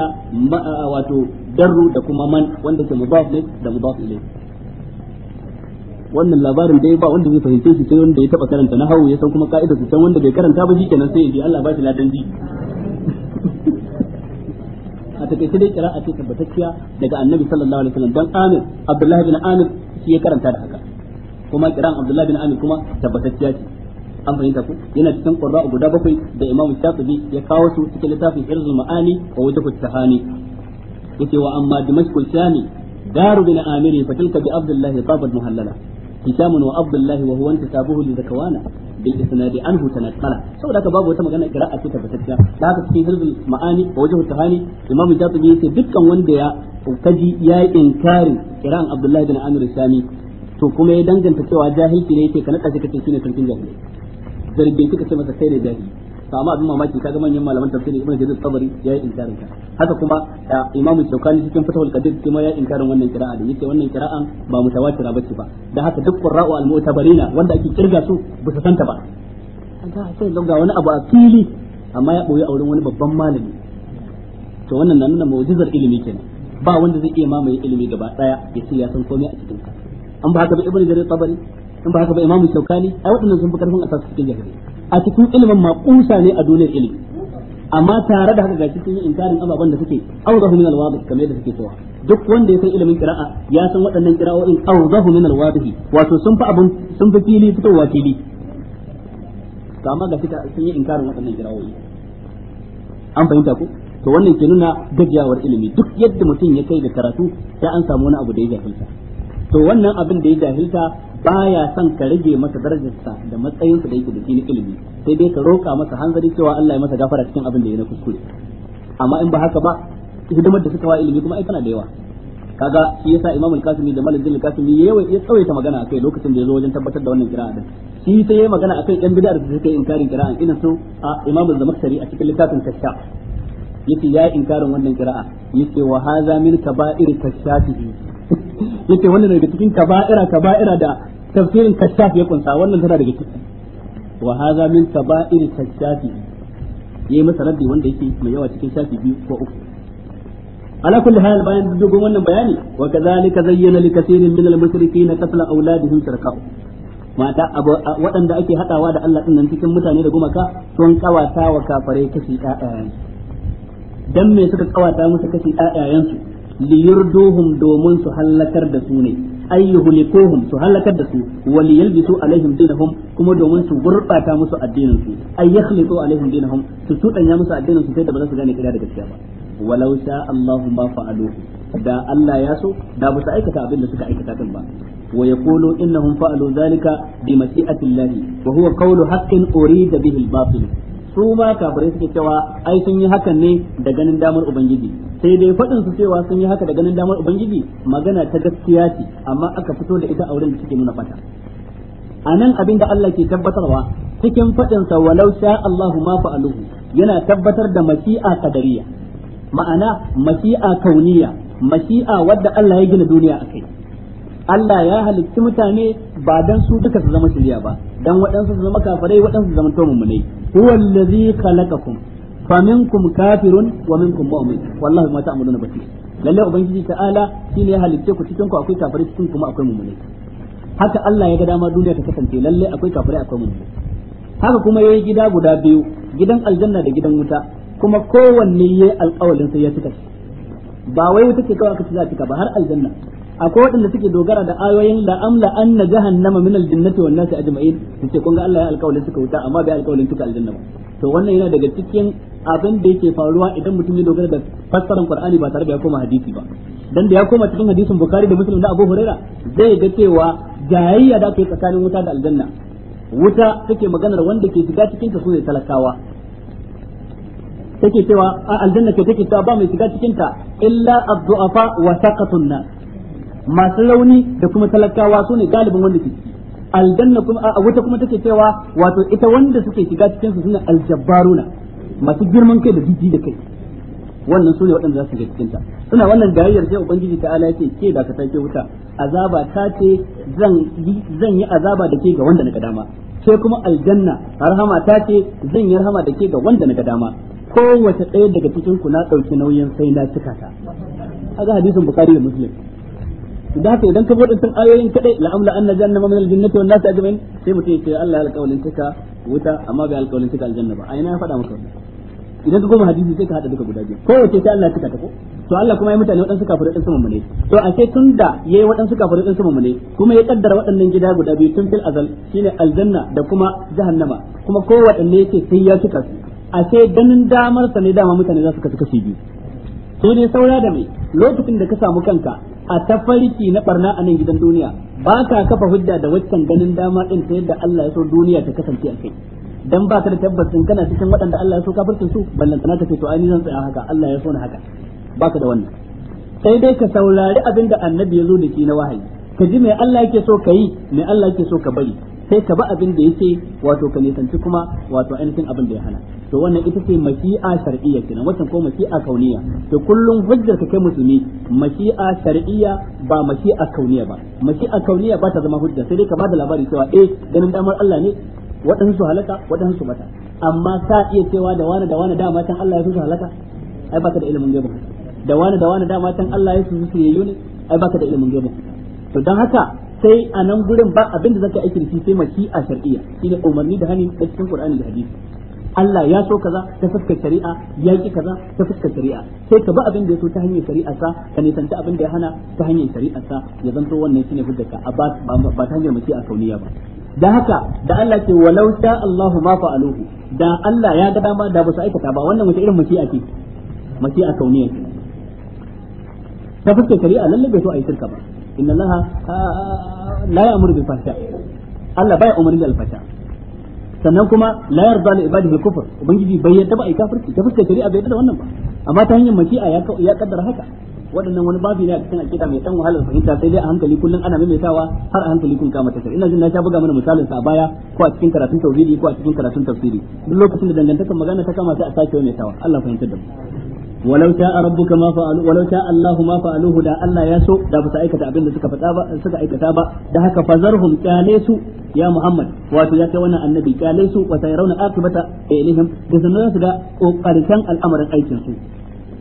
ما واتو در دكما من وانت مضاف لك ده مضاف إليه wannan labarin dai ba wanda zai fahimce shi sai wanda ya taba karanta na hawo ya san kuma ka'ida su san wanda bai karanta ba kenan sai ya ji Allah ba shi ladan ji a takaice dai ce tabbatacciya daga annabi sallallahu alaihi wasallam dan Abdullahi bin shi ya karanta da haka kuma kiran Abdullahi bin kuma tabbatacciya ce an fahimta ku yana cikin qurra'a guda bakwai da Imam Shafi'i ya kawo su cikin littafin Irzul Ma'ani wa Wajhu Tahani yace wa amma Dimashqul Shami daru bin Amir fa tilka bi Abdullahi qabat muhallala هشام abdullahi wa وهو انتسابه bil isnadi anhu tanqala saboda haka babu wata magana qira'a ce tabbatacciya da haka cikin hirzul ma'ani wa wajhu tahani imamu jatubi yace dukkan wanda ya kaji ya inkari qira'an abdullahi bin amir sami to kuma ya danganta cewa jahilci ne yake kana kace kace shine sarkin jahili zargin kika ce masa sai da jahili to amma abin mamaki kaga manyan malaman tafsiri ibnu jarir tabari ya yi inkarin ta haka kuma imamu shaukani cikin fatawul qadir kuma ya yi inkarin wannan kira'a da yake wannan kira'an ba mutawatira bace ba da haka duk qurra'u al-mu'tabarina wanda ake kirga su ba su santa ba ta sai ga wani abu a fili amma ya boye auren wani babban malami to wannan na nuna mu'jizar ilimi kenan ba wanda zai iya mamaye ilimi gaba daya ya ce ya san komai a cikin ka an ba haka ba ibnu jarir tabari an ba haka ba imamu shaukani ai wadannan sun fi karfin asas cikin jahili a cikin ilimin ma kusa ne a duniyar ilimi amma tare da haka ga cikin yin inkarin ababen da suke auzahu min alwadi kamar yadda suke cewa duk wanda ya san ilimin qira'a ya san waɗannan qira'o'in auzahu min alwadi wato sun fi abun sun fi fili fitowa fili to amma ga fita sun yi inkarin waɗannan qira'o'i an fahimta ku? to wannan ke nuna gajiyawar ilimi duk yadda mutum ya kai ga karatu sai an samu wani abu da ya jafinta to wannan abin da ya jahilta baya son ka rage masa darajarsa da matsayinsa da yake da shi na ilimi sai dai ka roƙa masa hanzari cewa Allah ya masa gafara cikin abin da ya na kuskure amma in ba haka ba hidimar da suka wa ilimi kuma ai tana da yawa kaga shi yasa Imam al-Kasimi da Malik al-Kasimi ya yawa ya tsawaita magana akai lokacin da ya zo wajen tabbatar da wannan kira'a din shi sai yayi magana akai yan bid'ar da suka yi inkarin kira'a irin su Imam al-Zamakhshari a cikin littafin Kashaf yace ya inkarin wannan kira'a yace wa hadha min kaba'ir kashafihi yace wannan daga cikin kaba'ira kaba'ira da tafsirin kashaf ya kunsa wannan tana daga cikin wa hadha min kaba'ir kashafi yayi masa raddi wanda yake mai yawa cikin shafi biyu ko uku على كل حال بيان دوغو wannan bayani wa kadhalika zayyana li kaseerin min al-mushrikeena qatla awladihim shirkahu mata abu waɗanda ake hadawa da Allah din cikin mutane da gumaka sun kawata wa kafare kashi ɗayayen dan me suka kawata musu kashi ɗayayen su liyurduhum domin su halakar da su ne ay yuhlikuhum su halakar da su wa liyalbisu alaihim dinahum kuma domin su gurbata musu addinin su ay yakhliqu alaihim dinahum su tudanya musu addinin su sai da ba su gane kira da gaskiya ba walau sha Allahu ma fa'aluhu da Allah ya so da ba su aikata abin da suka aikata din ba wa yaqulu innahum fa'alu dhalika bi mashi'atillahi wa huwa qawlu haqqin urida bihi al-batil su ma kafirai suke cewa ai sun yi hakan ne da ganin damar ubangiji sai dai faɗin su cewa sun yi haka da ganin damar ubangiji magana ta gaskiya ce amma aka fito da ita a wurin da suke nuna fata a nan abin da Allah ke tabbatarwa cikin faɗin sa walau sha Allahu ma fa'aluhu yana tabbatar da mashi'a kadariya ma'ana mashi'a kauniya mashi'a wadda Allah ya gina duniya akai Allah ya halicci mutane ba dan su duka su zama shirya ba dan waɗansu su zama kafirai waɗansu su zama to mummunai huwa allazi khalaqakum faminkum kafirun wa minkum mu'min wallahi ma ta'maluna basir lalle ubangiji ta'ala shine ya halitte ku cikin ku akwai kafirai cikin kuma akwai mu'mini haka Allah ya ga dama duniya ta kasance lalle akwai kafirai akwai mu'mini haka kuma ya yi gida guda biyu gidan aljanna da gidan wuta kuma kowanne yayi alƙawalin sai ya cika ba wai wuta ce kawai aka ci za ba har aljanna akwai waɗanda suke dogara da ayoyin la amla anna jahannama min aljannati wan nasi ajma'in ce kun ga Allah ya alƙawarin suka wuta amma bai alƙawarin suka aljanna ba to wannan yana daga cikin abin da yake faruwa idan mutum ya dogara da fassarar Qur'ani ba tare da ya koma hadisi ba dan da ya koma cikin hadisin Bukhari da Muslim da Abu Huraira zai ga cewa jayayya da ke tsakanin wuta da aljanna wuta take maganar wanda ke shiga cikin ta sune talakawa take cewa aljanna ke take cewa ba mai shiga cikin ta illa ad-du'afa wa saqatun nas masu rauni da kuma talakawa su ne galibin wanda ke ciki aljanna kuma a wuta kuma take cewa wato ita wanda suke shiga cikin su suna aljabbaruna masu girman kai da jiji da kai wannan su ne waɗanda za su shiga cikin ta suna wannan gayyar sai ubangiji ta ala ce ke da ka ke wuta azaba ta ce zan yi zan yi azaba da ke ga wanda na ga dama sai kuma aljanna rahama ta ce zan yi rahama da ke ga wanda na ga dama kowace ɗaya daga cikin ku na ɗauki nauyin sai na cika ta aga hadisin bukari da muslim da haka idan ka bude tun ayoyin kadai la amla anna jahannama min al-jannati wan nas ajma'in sai mutum ya ce Allah alƙawarin tuka wuta amma bai alƙawarin cika aljanna ba ai na faɗa maka idan ka goma hadisi sai ka hada duka guda biyu wace sai Allah ya cika ta ko to Allah kuma ya mutane waɗansu kafirai ɗan sama mune to a sai tun da yayi waɗansu kafirai ɗan sama mune kuma ya kaddara waɗannan gida guda biyu tun fil azal shine aljanna da kuma jahannama kuma ko waɗanne yake sai ya tuka su a sai ganin damar sa ne dama mutane za su kasu kashi biyu to ne saura da mai lokacin da ka samu kanka a tafarki na barna a nan gidan duniya ba ka kafa hujja da waccan ganin dama din ta yadda Allah ya so duniya ta kasance a kai dan ba ka da tabbacin kana cikin waɗanda Allah ya so kafircin su ballan tana kace to ai ni zan tsaya haka Allah ya so na haka ba ka da wannan sai dai ka saurari abinda annabi ya zo da shi na wahayi ka ji me Allah yake so ka yi me Allah yake so ka bari sai ka ba abin da yake wato ka nisanci kuma wato ainihin abin da ya hana to wannan ita ce mashi'a shar'iyya kenan wannan ko mashi'a kauniya to kullum hujjar ka kai musulmi mashi'a shar'iyya ba mashi'a kauniya ba mashi'a kauniya ba ta zama hujja sai dai ka ba da labari cewa eh ganin damar Allah ne waɗansu halaka waɗansu mata amma ta iya cewa da wani da wani dama can Allah ya su halaka ai baka da ilimin gaba da wani da wani dama can Allah ya su su yayyu ne ai baka da ilimin gaba to dan haka sai a nan gurin ba abin da zaka aikin shi sai maki a shar'iyya shine umarni da hani da cikin Qur'ani da hadisi Allah ya so kaza ta fuskar shari'a ya ki kaza ta fuskar shari'a sai ka ba abin da ya so ta hanyar shari'a sa ka nisanta abin da ya hana ta hanyar shari'a sa ya zanto wannan shine hujjarka a ba ta hanyar maki a kauniya ba da haka da Allah ce walau sha Allahu ma fa'aluhu da Allah ya ga dama da ba su aikata ba wannan wata irin mashi'a ce mashi'a kauniya ce ta fuskar shari'a lalle bai so a yi shirka ba inna allaha la ya'muru bil fahsha Allah baya umarni da alfasha sannan kuma la yarda li ibadihi al kufr ubangiji bai yadda ba ai kafirci ta fuskar shari'a bai yadda wannan ba amma ta hanyar mashi'a a ya kaddara haka waɗannan wani babi ne a cikin akida mai dan wahalar fahimta sai dai a hankali kullum ana maimaitawa har a hankali kun kama tasir ina jin na sha buga mana misalin sa a baya ko a cikin karatun tauhidi ko a cikin karatun tafsiri duk lokacin da dangantakar magana ta kama sai a sake maimaitawa Allah fahimtar da mu walau ta Allahu ma fa'aluhu da Allah ya so da ba aikata abin da suka faɗa ba suka aikata ba da haka fa kyale su ya Muhammad wato ya kai wannan annabi kyale su wa sayrauna akibata ilihim da sanan su da kokarin al'amarin aikin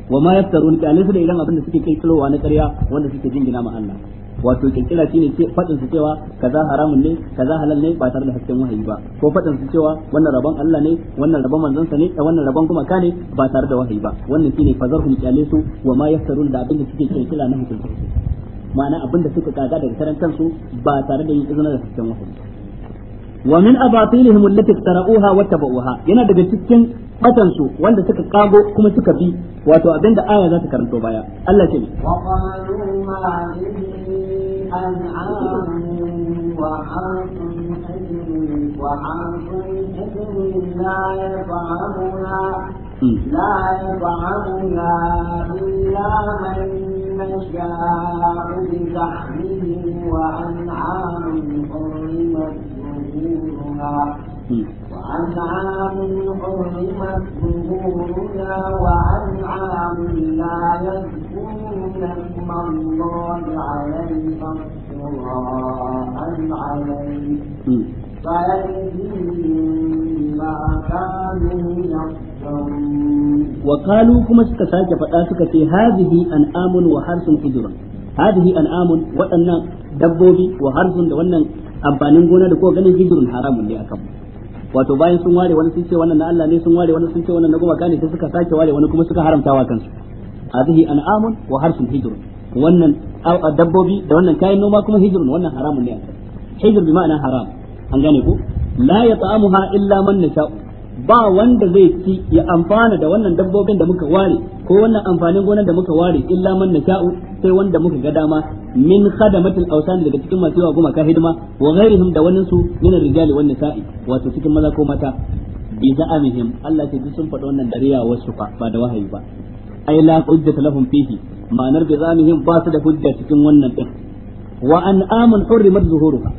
wa ma yaftarun kyale su da idan abin da suke kai na karya wanda suke jingina ma Allah wato kirkira shine ce fadin su cewa kaza haramun ne kaza halal ne ba tare da hakkin wahayi ba ko fadin su cewa wannan rabon Allah ne wannan rabon manzon sa ne da wannan rabon kuma ka ne ba tare da wahayi ba wannan shine fazarhum kyalesu wa ma yaftarun da abin da suke kirkira na hukunci ma'ana abin da suka kaga daga karan kansu ba tare da yin izinin da hakkin wahayi wa min abatilihim allati tarauha wa tabauha yana daga cikin batan su wanda suka kago kuma suka bi wato abinda aya za ta karanto baya Allah ce wa qalu ma أنعام وحرث أجل وحرث أجل لا يطعمنا لا يطعمها إلا من نشاء بزحمه وأنعام حرمت ظهورها وأنعام حرمت ظهورها وأنعام لا يذكرون يسلم الله وقالوا كما suka sake faɗa suka ce hadhihi an'amun wa harsun hijra hadhihi an'amun waɗannan dabbobi wa da wannan amfanin gona da ko ganin hijrun haramun ne akan wato bayan sun ware wani sun ce wannan na Allah ne sun ware wani sun ce wannan na gumaka ne sai suka sake ware wani kuma suka haramtawa kansu hadhihi an'amun wa harsun hijrun wannan dabbobi da wannan kayan noma kuma hijrun wannan haramun ne hijr bi ma'ana haram an gane ko la yata'amuha illa man nasha'u ba wanda zai ci ya amfana da wannan dabbobin da muka ware ko wannan amfanin gonar da muka ware illa man nasha'u sai wanda muka ga dama min khadamatil awsan daga cikin masu yawa goma ka hidima wa ghairihim da wannan su min rijali wan nisa'i wato cikin maza ko mata bi za'amihim Allah ce ji sun faɗa wannan dariya wasu fa ba da wahayi ba ai la hujjata lahum fihi ma'anar bi zamihim ba su da hujja cikin wannan din wa an'amun hurrimat zuhuruha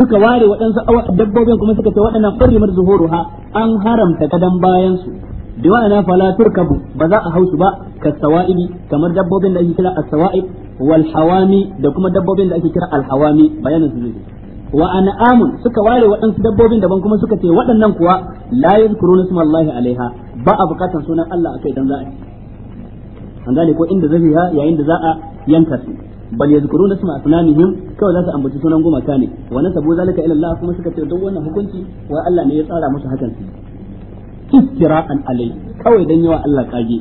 suka ware waɗansu dabbobin kuma suka ce waɗannan hurrimat zuhuruha an haramta kadan bayan su bi wa'ana fala turkabu ba za a hausu ba ka kasawa'ibi kamar dabbobin da ake kira as-sawa'ib wal hawami da kuma dabbobin da ake kira al-hawami bayanin su zai wa an'amun suka ware waɗansu dabbobin daban kuma suka ce waɗannan kuwa la yadhkuruna isma Allahi alaiha ba a bukatan sunan Allah akai dan za a an gane ko inda zabiha yayin da za a yanka su bal yazkuruna isma asnanihim kawai za su ambaci sunan gumaka ne wa nasabu zalika ila Allah kuma suka ce duk wannan hukunci wa Allah ne ya tsara musu hakan su istira'an alai kawai dan yawa Allah kage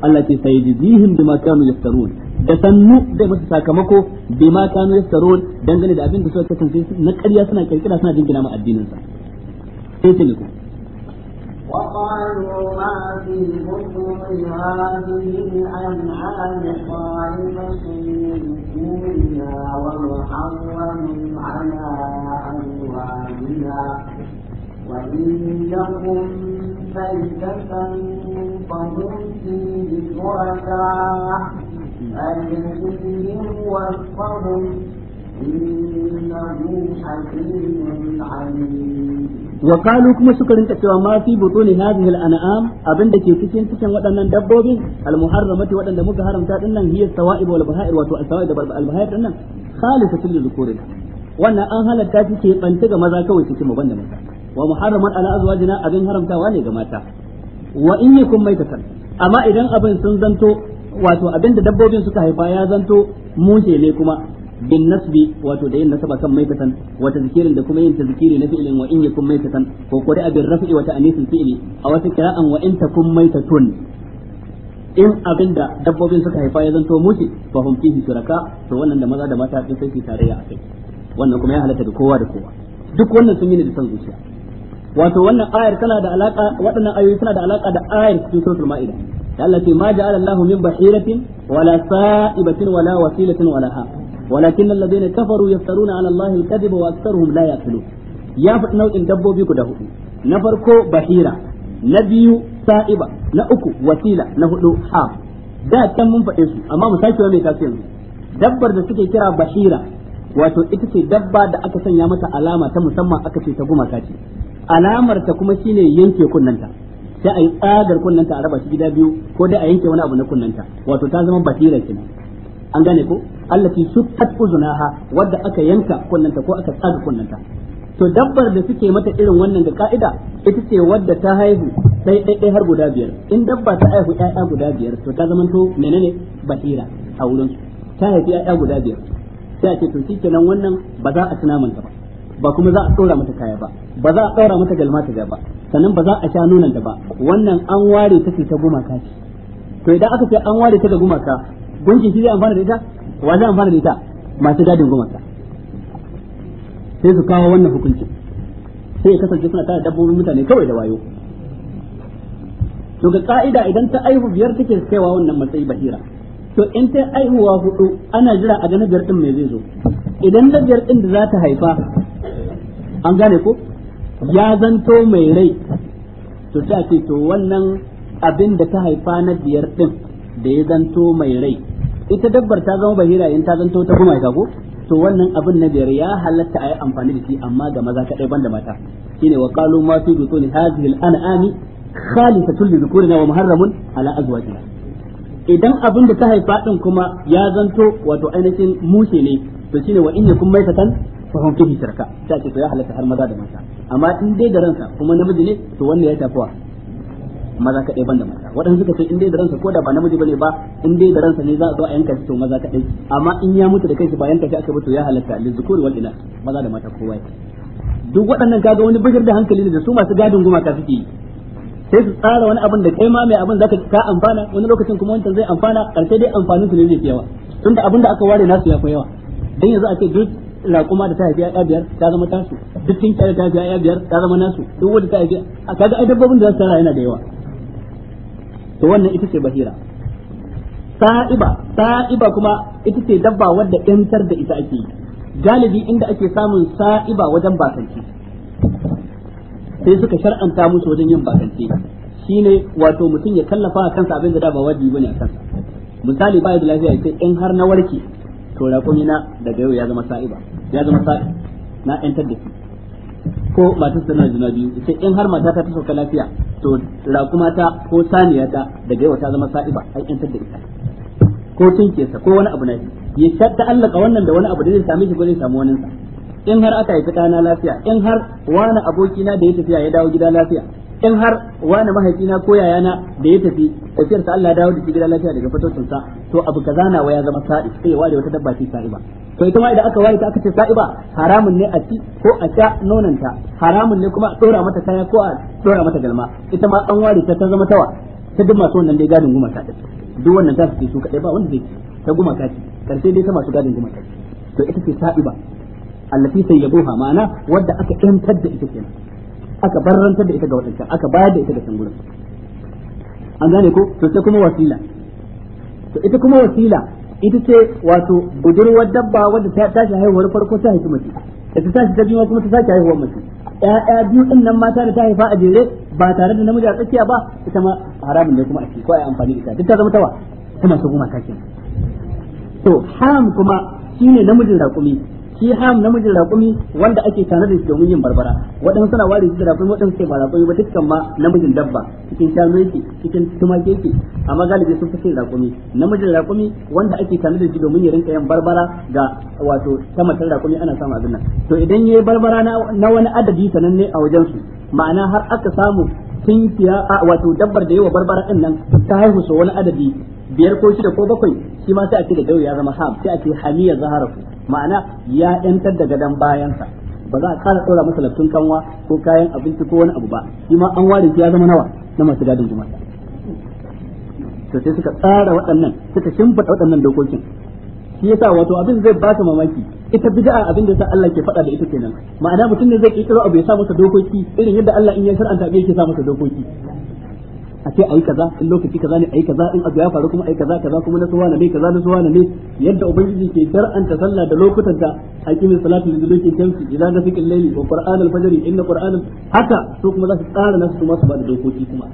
Allah ce sayajizihim bima kanu yaftarun da sannu zai musu sakamako bima kanu yaftarun dangane da abin da suka kasance na ƙarya suna kirkira suna jingina ma addinin sa sai وقالوا ما في بطون هذه الأنعام خالصة من دوننا ومحرم على أزواجنا وإن يكن فيلة فهم فيه شركاء فليكن وفقهم إنه حكيم عليم wa kuma suka rinka cewa ma fi butuni ana al-an'am abinda ke cikin cikin waɗannan dabbobin al waɗanda muka haramta din nan hiya sawa'ib wal baha'ir wato as-sawa'ib wal baha'ir din nan wannan an halatta shi ke banta ga maza kawai cikin mu banda mata wa muharraman ala azwajina abin haramtawa ne ga wa in amma idan abin sun zanto wato abinda dabbobin suka haifa ya zanto mushe ne kuma bin nasbi wato da yin nasaba kan maitatan wata zikirin da kuma yin tazkiri na fi'ilin wa in yakun maitatan ko qari abin raf'i wa ta'nisil fi'ili a wata kira'an wa in takun maitatun in abinda dabbobin suka haifa ya zanto mushi fa hum fihi shuraka to wannan da maza da mata sun sai tarayya a kai wannan kuma ya halatta da kowa da kowa duk wannan sun yi ne da san zuciya wato wannan ayar tana da alaka waɗannan ayoyi tana da alaka da ayar cikin suratul ma'ida da Allah ce ma ja'ala Allahu min bahiratin wala sa'ibatin wala wasilatin wala ha walakin alladhina kafaru yaftaruna ala allahi alkadhiba wa aktharuhum la yaqilun ya faɗi nau'in dabbobi guda hudu na farko bahira na biyu sa'iba na uku wasila na hudu ha da can mun faɗe su amma mu sake wa mai tasirin dabbar da suke kira bahira wato ita ce dabba da aka sanya mata alama ta musamman aka ce ta gumaka ce alamar ta kuma shine yanke kunnanta sai a yi tsadar kunnanta a raba shi gida biyu ko dai a yanke wani abu na kunnanta wato ta zama basira kenan an gane ko allati shuqqat uzunaha wadda aka yanka kunnanta ko aka tsaga kunnanta to dabbar da suke mata irin wannan ga ka'ida ita ce wadda ta haihu sai dai har guda biyar in dabba ta haihu ƴaƴa guda biyar to ta zamanto menene bahira a wurin ta haifi ƴaƴa guda biyar sai a ce to shikenan wannan ba za a ci namanta ba ba kuma za a tsora mata kaya ba ba za a tsora mata galma ta ba sannan ba za a sha nunan da ba wannan an ware ta ce ta gumaka ka to idan aka ce an ware ta ga gumaka gunkin shi zai amfana da ita wa zai amfana da ita masu gadin gumaka sai su kawo wannan hukunci sai ya kasance suna tara dabbobin mutane kawai da wayo to ga ka'ida idan ta aihu biyar take kaiwa wannan matsayi bahira to in ta aihuwa hudu ana jira a ga na biyar din me zai zo idan na biyar din da za ta haifa an gane ko ya zanto mai rai to sai ce to wannan abin da ta haifa na biyar din da ya zanto mai rai ita dabbar ta zama bahira in ta zanto ta kuma ka ko to wannan abin na biyar ya halatta ayi amfani da shi amma ga maza kadai banda mata shine wa qalu ma fi butun hadhihi al-an'ami khalisatun li dhukurina wa muharramun ala azwajina idan abin da ta haifa din kuma ya zanto wato ainihin mushe ne to shine wa in yakum maitatan fa hum fihi shirka ta ce to ya halatta har maza da mata amma in dai da ransa kuma namiji ne to wannan ya tafi maza kaɗai ban da mata waɗansu suka ce in dai da ransa ko da ba namiji bane ba in dai da ransa ne za a zo a yanka shi to maza kaɗai amma in ya mutu da kai shi ba yanka shi aka bi to ya halatta lizzukuri wal ina maza da mata kowa duk waɗannan kaga wani bishir da hankali ne da su masu gadin gumaka suke yi sai su tsara wani abin da kai ma mai abin zaka ka amfana wani lokacin kuma wancan zai amfana karshe dai amfanin su ne zai fi yawa tunda abin da aka ware nasu ya fi yawa dan yanzu a ce duk raƙuma da ta haifi ya biyar ta zama tasu duk tinkiya da ta haifi ya biyar ta zama nasu duk wanda ta haifi kaga ai dabbobin da za su tara yana da yawa to wannan ita ce bahira sa'iba sa'iba kuma ita ce dabba wadda yantar da ita ake galibi inda ake samun sa'iba wajen bakanci sai suka shar'anta musu wajen yin bakanci shine wato mutum ya kallafa a kansa abin da da ba wajibi bane a kansa misali ba da lafiya sai in har na warke to raƙumi na daga yau ya zama sa'iba ya zama sa'i na yantar da shi ko matar tana juna biyu sai in har mata ta sauka lafiya to raƙuma ta ko saniya ta daga yau ta zama sa'iba ai yantar da ita ko tunkesa ko wani abu na ya shatta allaka wannan da wani abu da zai same shi ko zai samu wani sa in har aka yi ɗana lafiya in har wani abokina da ya tafiya ya dawo gida lafiya in har wani mahaifina ko yayana da ya tafi tafiyar sa Allah dawo da shi gida lafiya daga fatocin sa to abu kaza nawa ya zama sa'i sai ware wata dabba ce sa'iba to ita ma idan aka ware ta aka ce sa'iba haramun ne a ci ko a sha nonanta haramun ne kuma a dora mata kaya ko a dora mata galma ita ma an ware ta ta zama tawa ta duk masu wannan dai gadin guma gumaka duk wannan ta su su kadai ba wanda zai ci ta guma ka ci karshe dai ta masu gadin guma gumaka to ita ce sa'iba allati sayyabuha ma'ana wadda aka yantar da ita kenan aka barrantar da ita ga wadancan aka bayar da ita ga can an gane ko to sai kuma wasila to ita kuma wasila ita ce wato budurwar dabba wadda ta tashi haihuwar farko ta haifi mace da ta tashi ta biyu kuma ta sake haihuwar mace ƴaƴa biyu din nan mata da ta haifa a jere ba tare da namiji a tsakiya ba ita ma haramun ne kuma a ci ko ai amfani da ita duk ta zama tawa ta masu goma ta kenan to haram kuma shine namijin raƙumi shi ham namijin raƙumi wanda ake tanar da shi domin yin barbara waɗansu suna ware shi da raƙumi waɗansu ke ba raƙumi ba dukkan ma namijin dabba cikin shanu yake cikin tumaki yake amma galibi sun fi raƙumi namijin raƙumi wanda ake tanar da shi domin ya rinka yin barbara ga wato ta matar raƙumi ana samu abin nan to idan yayi barbara na wani adadi sananne a wajen su ma'ana har aka samu tunkiya wato dabbar da yawa barbara ɗin nan ta haihu so wani adadi biyar ko shida ko bakwai shi ma sai a ce da dawo ya zama ham sai a ce hamiya zaharaku ma'ana ya yantar da gadon bayansa ba za a kara tsora masa laftun kanwa ko kayan abinci ko wani abu ba shi ma an ware ya zama nawa na masu gadin jama'a to sai suka tsara waɗannan suka shimfiɗa waɗannan dokokin shi yasa wato abin zai ba su mamaki ita bid'a abin da yasa Allah ke faɗa da ita kenan ma'ana mutum ne zai kirkiro abu ya sa masa dokoki irin yadda Allah in ya shar'anta abin yake sa masa dokoki a ce ayi kaza in lokaci kaza ne ayi kaza in abu ya faru kuma ayi kaza kaza kuma na suwa ne kaza na suwa ne yadda ubangiji ke shar'anta sallah da lokutan ta aqimin salatu li dulukin shamsi ila nafiqil layli wa qur'an al-fajr inna qur'an haka su kuma za su tsara nasu kuma su ba da dokoki kuma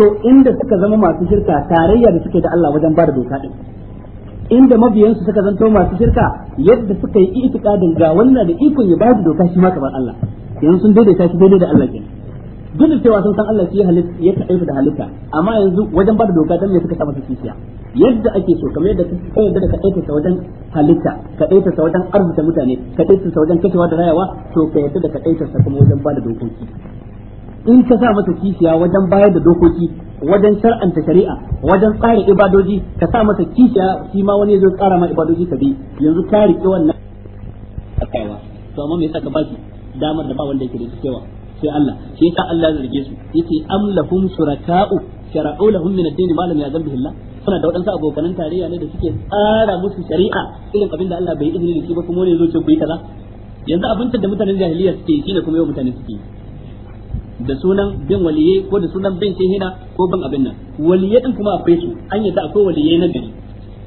to inda suka zama masu shirka tarayya da suke da Allah wajen ba da doka din inda mabiyansu suka zanto masu shirka yadda suka yi itikadin ga wannan da ikon ya ba da doka shi ma kamar Allah yanzu sun daidaita shi daidai da Allah kenan duk da cewa sun san Allah shi halitta ya kaɗai da halitta amma yanzu wajen ba da doka dan me suka sa masa kishiya yadda ake so kamar yadda kai yadda ka kaɗai ta wajen halitta ka kaɗai ta wajen arzuta mutane ka kaɗai ta wajen kashewa da rayawa to ka yadda da kaɗai ta kuma wajen ba da dokoki in ka sa masa kishiya wajen bayar da dokoki wajen shar'anta shari'a wajen tsara ibadoji ka sa masa kishiya shi ma wani zai tsara ma ibadoji ka bi yanzu ka riƙe wannan A kaiwa to amma me yasa ka baki damar da ba wanda yake da cewa sai Allah shi yasa Allah ya zarge su yace am lahum shuraka'u shara'u lahum min ad-din ma lam ya'zam bihi Allah suna da wadansu abokanan tarayya ne da suke tsara musu shari'a irin abin da Allah bai izini da shi ba kuma ne zo ce ku kaza yanzu abincin da mutanen jahiliya suke yi ne kuma yau mutane suke yi da sunan bin waliye ko da sunan bin shehina ko bin abin nan waliye din kuma akwai su an yadda akwai waliye na gari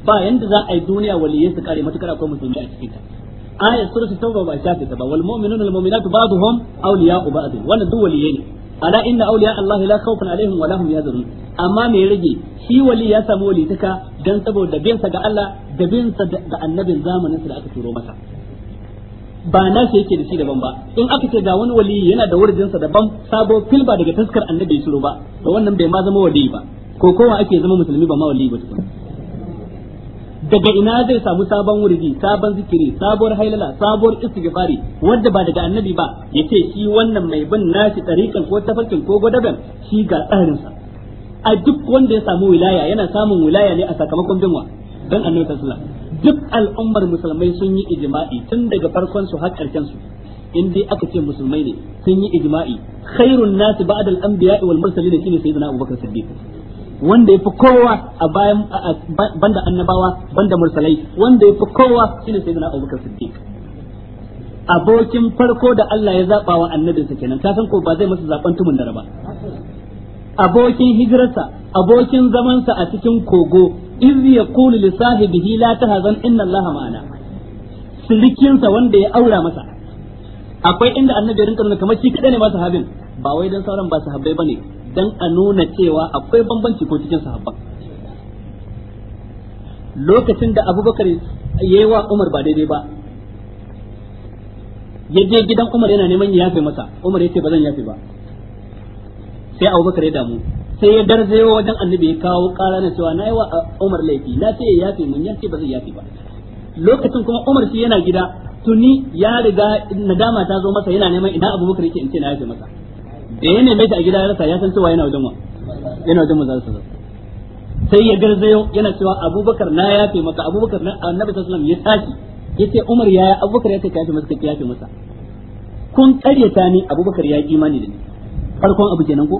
ba yanda za a yi duniya waliye su kare matukar akwai musulmi a cikin ta ayat suratul tauba ba shafe ta ba wal mu'minuna wal mu'minatu ba'dhum awliya'u ba'd wannan duk waliyai ne ala da awliya Allah la khawfun alaihim wa ya yahzanun amma me rage shi wali ya samu walitaka dan saboda bin sa ga Allah da bin sa ga annabin zamanin sa da aka turo masa ba na shi yake da shi daban ba in aka ce ga wani wali yana da wurjin sa daban sabo fil ba daga taskar annabi ya turo ba to wannan bai ma zama wali ba ko kowa ake zama musulmi ba ma wali ba daga ina zai samu sabon wurdi sabon zikiri sabuwar hailala sabuwar istighfari wanda ba daga annabi ba yace shi wannan mai bin nashi tarikan ko tafarkin ko godaben shi ga tsarin sa a duk wanda ya samu wilaya yana samun wilaya ne a sakamakon binwa dan annabi sallallahu alaihi wasallam duk al'ummar musulmai sun yi ijma'i tun daga farkon su har karshen su in dai aka ce musulmai ne sun yi ijma'i khairun nasi ba'da al-anbiya'i wal mursalin shine sayyidina Abubakar Siddiq wanda yafi kowa a bayan banda annabawa banda mursalai wanda yafi kowa shine sayyidina Abubakar Siddiq abokin farko da Allah ya zaba wa annabinsa kenan ta san ko ba zai masa zaben tumun da ba abokin hijirarsa abokin zamansa a cikin kogo iz yaqulu li sahibihi la tahzan inna Allah ma'ana sirikinsa wanda ya aura masa akwai inda annabi rinka nuna kamar shi kadai ne ba sahabin ba wai dan sauran ba sahabbai bane dan a nuna cewa akwai bambanci ko cikin sahabban lokacin da abubakar yayi wa umar ba daidai ba ya je gidan umar yana neman ya yafe masa umar ya ce ba zan yafe ba sai abubakar ya damu sai ya garzayo wajen annabi ya kawo kara na cewa na yi wa umar laifi na ce ya yafe mun ya ce ba zan yafe ba lokacin kuma umar shi yana gida tuni ya riga nadama ta zo masa yana neman idan abubakar yake in ce na yafe masa da eh, ya neme ta a gida ya rasa ya san cewa yana wajen wa yana wajen manzon sallallahu sai ya garzayo yana cewa abubakar na fi maka abubakar na annabi sallallahu alaihi wasallam ya tashi yace umar ya abubakar ya kai yafe masa yafe masa kun karyata ni abubakar ya ji imani da ni farkon abu kenan ko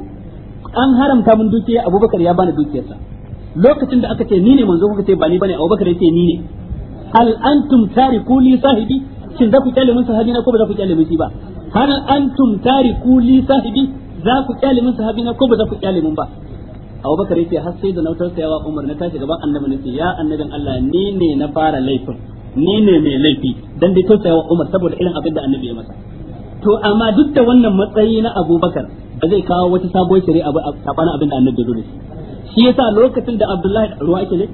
an haramta mun dukiya abubakar ya bani dukiyarsa lokacin da aka ce ni ne manzo kuka ce ba ni bane abubakar ya ce ni ne hal antum tariku li sahibi shin da ku kyale mun sahabi na ko ba za ku kyale mun shi ba an antum tariku li sahibi za ku kyale min sahabi na ko ba za ku kyale min ba Abu Bakar yace har sai da nautar yawa Umar na tashi gaban annabi ne ya annabin Allah ni ne na fara laifin ni ne mai laifi dan dai tausayawa Umar saboda irin abin da annabi ya masa to amma duk da wannan matsayi na Abubakar ba zai kawo wata sabuwar shari'a ba sabanin abin da annabi ya zo da shi shi yasa lokacin da Abdullahi ruwa yake ne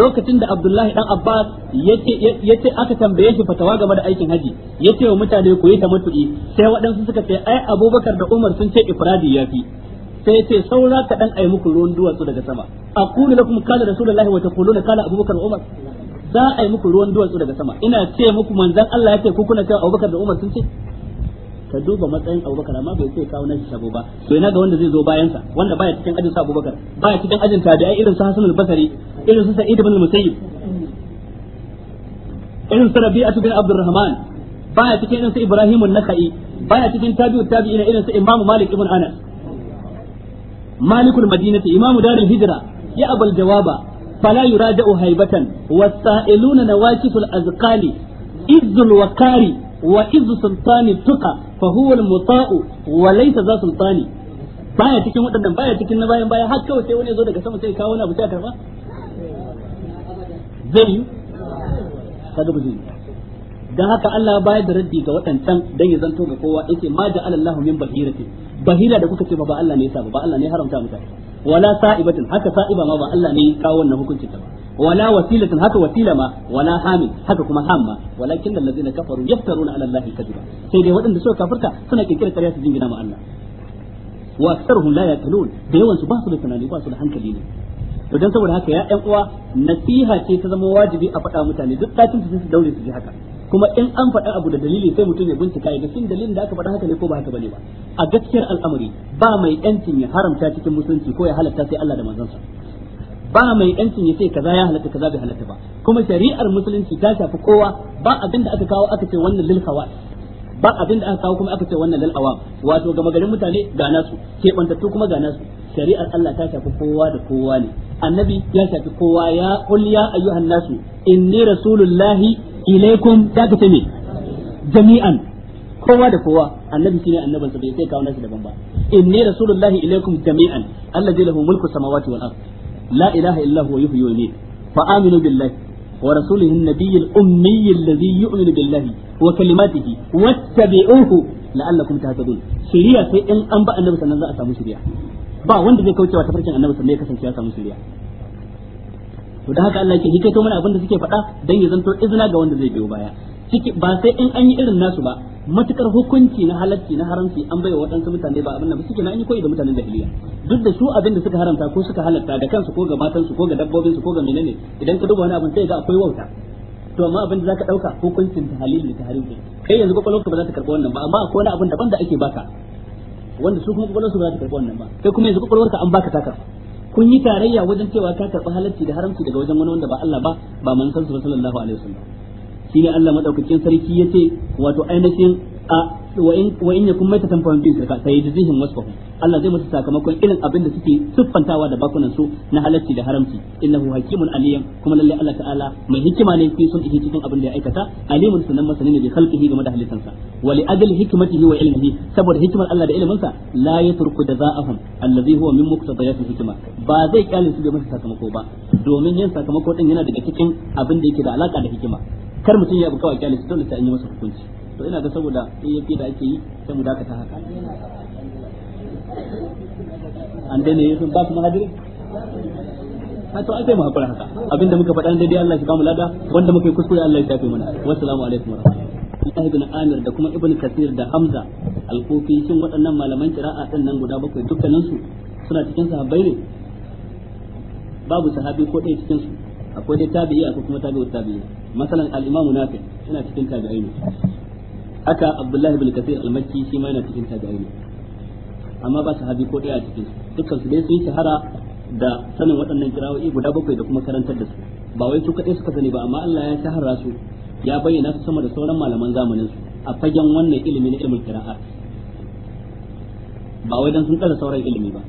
lokacin da Abdullahi dan Abbas yace yace aka tambaye shi fatawa game da aikin haji ya ce wa mutane ku yi tamattu'i sai waɗansu suka ce ai abubakar da umar sun ce ifradi ya fi sai ce saura kaɗan a ai muku ruwan duwatsu daga sama a na kuma kala rasulullahi wa taquluna kala abubakar umar za a yi muku ruwan duwatsu daga sama ina ce muku manzan Allah ya ce ku kuna cewa abubakar da umar sun ce ka duba matsayin abubakar amma bai ce kawo shi sabo ba to ina ga wanda zai zo bayansa wanda baya cikin ajin sa abubakar baya cikin ajin tabi'ai irin su hasan al-basri irin su sa'id ibn al-musayyib irin su rabi'atu bin abdurrahman baya cikin irin su Ibrahim an-Nakhai baya cikin tabi'u tabi'ina irin su Imam Malik ibn Anas Malikul Madinati Imam Darul Hijra ya abul jawaba fala yuraja'u haibatan wasailuna nawakiful azqali izzul wakari wa izzu sultani tuqa fa huwa al-muta'u wa laysa za sultani baya cikin waɗannan baya cikin na bayan baya har kawai sai wani zo daga sama sai kawo wani abu sai karba zai yi ba zai yi dan haka Allah ya bayar da raddi ga waɗancan dan ya zanto ga kowa yace ma ja'ala Allahu min bahirati bahira da kuka ce ba Allah ne ya saba ba Allah ne ya haramta mutane wala sa'ibatin haka sa'iba ma ba Allah ne ya kawo wannan hukuncin ta ba wala wasilatin haka wasila ma wala hamil haka kuma hamma walakin allazina kafaru yaftaruna ala allahi kadiba sai dai waɗanda suka kafirta suna kirkirar ƙarya su jingina ma Allah wa aktsaruhum la yaqilun da yawan su ba su da tunani ba su da hankali ne to dan saboda haka ya ƴan uwa nasiha ce ta zama wajibi a faɗa mutane duk tatin su su daure su ji haka kuma in an faɗa abu da dalili sai mutum ya bincika ya ga shin dalilin da aka faɗa haka ne ko ba haka bane ba a gaskiyar al'amari ba mai yancin ya haramta cikin musulunci ko ya halatta sai Allah da manzansa ba mai yancin ya ce kaza ya halatta kaza bai halatta ba kuma shari'ar musulunci ta shafi kowa ba abin da aka kawo aka ce wannan lil hawas ba abin da aka kawo kuma aka ce wannan lil awam wato gama garin mutane ga nasu ke bantattu kuma ga nasu shari'ar Allah ta shafi kowa da kowa ne annabi ya shafi kowa ya qul ya ayyuhan nasu inni rasulullahi ilaikum da ka ce me jami'an kowa da kowa annabi shine annaban sa bai sai kawo nashi daban ba inni rasulullahi ilaikum jami'an allazi lahu mulku samawati wal ard la ilaha illa huwa yuhyi wa yumiit fa aminu billahi wa rasulihi an-nabiyyi al-ummi alladhi yu'minu billahi wa kalimatihi wattabi'uhu la'allakum tahtadun shiriya sai in an ba annabi sannan za a samu shiriya ba wanda zai kaucewa tafarkin annabi sannan ya kasance ya samu shiriya to da haka Allah ke to mana abin da suke faɗa dan ya zanto izina ga wanda zai biyo baya ciki ba sai in an yi irin nasu ba matukar hukunci na halarci na haramci an bai wa waɗansu mutane ba abin da suke na an yi koyi da mutanen jahiliya duk da su abin da suka haramta ko suka halarta da kansu ko ga matansu ko ga dabbobinsu ko ga menene idan ka duba wani abin sai ga akwai wauta to amma abin da zaka dauka hukuncin tahalil da tahrim ne kai yanzu kwakwalwarka ba za ta karbi wannan ba amma akwai wani abin daban da ake baka wanda su kuma kwakwalwarsu ba za ta karbi wannan ba kai kuma yanzu kwakwalwarka an baka ta kun yi tarayya wajen cewa ka karɓi halarci da haramci daga wajen wani wanda ba Allah ba ba manzon sallallahu alaihi wasallam ne Allah madaukakin sarki yace wato ainihin a wa in wa in yakum maitatan fa bin shirka sai yajzihim wasfahu Allah zai musu sakamakon irin abin da suke siffantawa da bakunan su na halarci da haramci innahu hakimun aliyam kuma lalle Allah ta'ala mai hikima ne fi sun ihi cikin abin da ya aikata alimun sunan masani ne bi khalqihi game da sa wa li ajli hikmatihi wa ilmihi saboda hikimar Allah da ilimin sa la yatruku jazaa'ahum allazi huwa min muqtadayat hikma ba zai kyale su da masa sakamako ba domin yin sakamako din yana daga cikin abin da yake da alaka da hikima kar mutum ya buƙawa kyale su dole sai yi masa hukunci to ina ga saboda AFP da ake yi sai mu dakata haka an dai ne sun ba su mahadirin ha to ake mu hakura haka abinda muka faɗa dai Allah shi ba mu lada wanda muka yi kuskure Allah ya tafi mana wassalamu alaikum warahmatullahi ibn Amir da kuma Ibn Kathir da Hamza al-Kufi shin waɗannan malaman kira'a ɗin nan guda bakwai dukkanin su suna cikin sahabbai ne babu sahabi ko ɗaya cikin su akwai dai tabi'i akwai kuma tabi'u tabi'i masalan al-Imam Nafi yana cikin tabi'ai ne haka abdullah bin kasir al-makki shi ma yana cikin tabi'i amma ba sahabi ko daya a cikin dukkan su dai sun shahara da sanin waɗannan kirawoyi guda bakwai da kuma karantar da su ba wai su kaɗai suka sani ba amma Allah ya shahara su ya bayyana su sama da sauran malaman zamanin su a fagen wannan ilimin ilmin kira'at ba wai dan sun kada sauran ilimi ba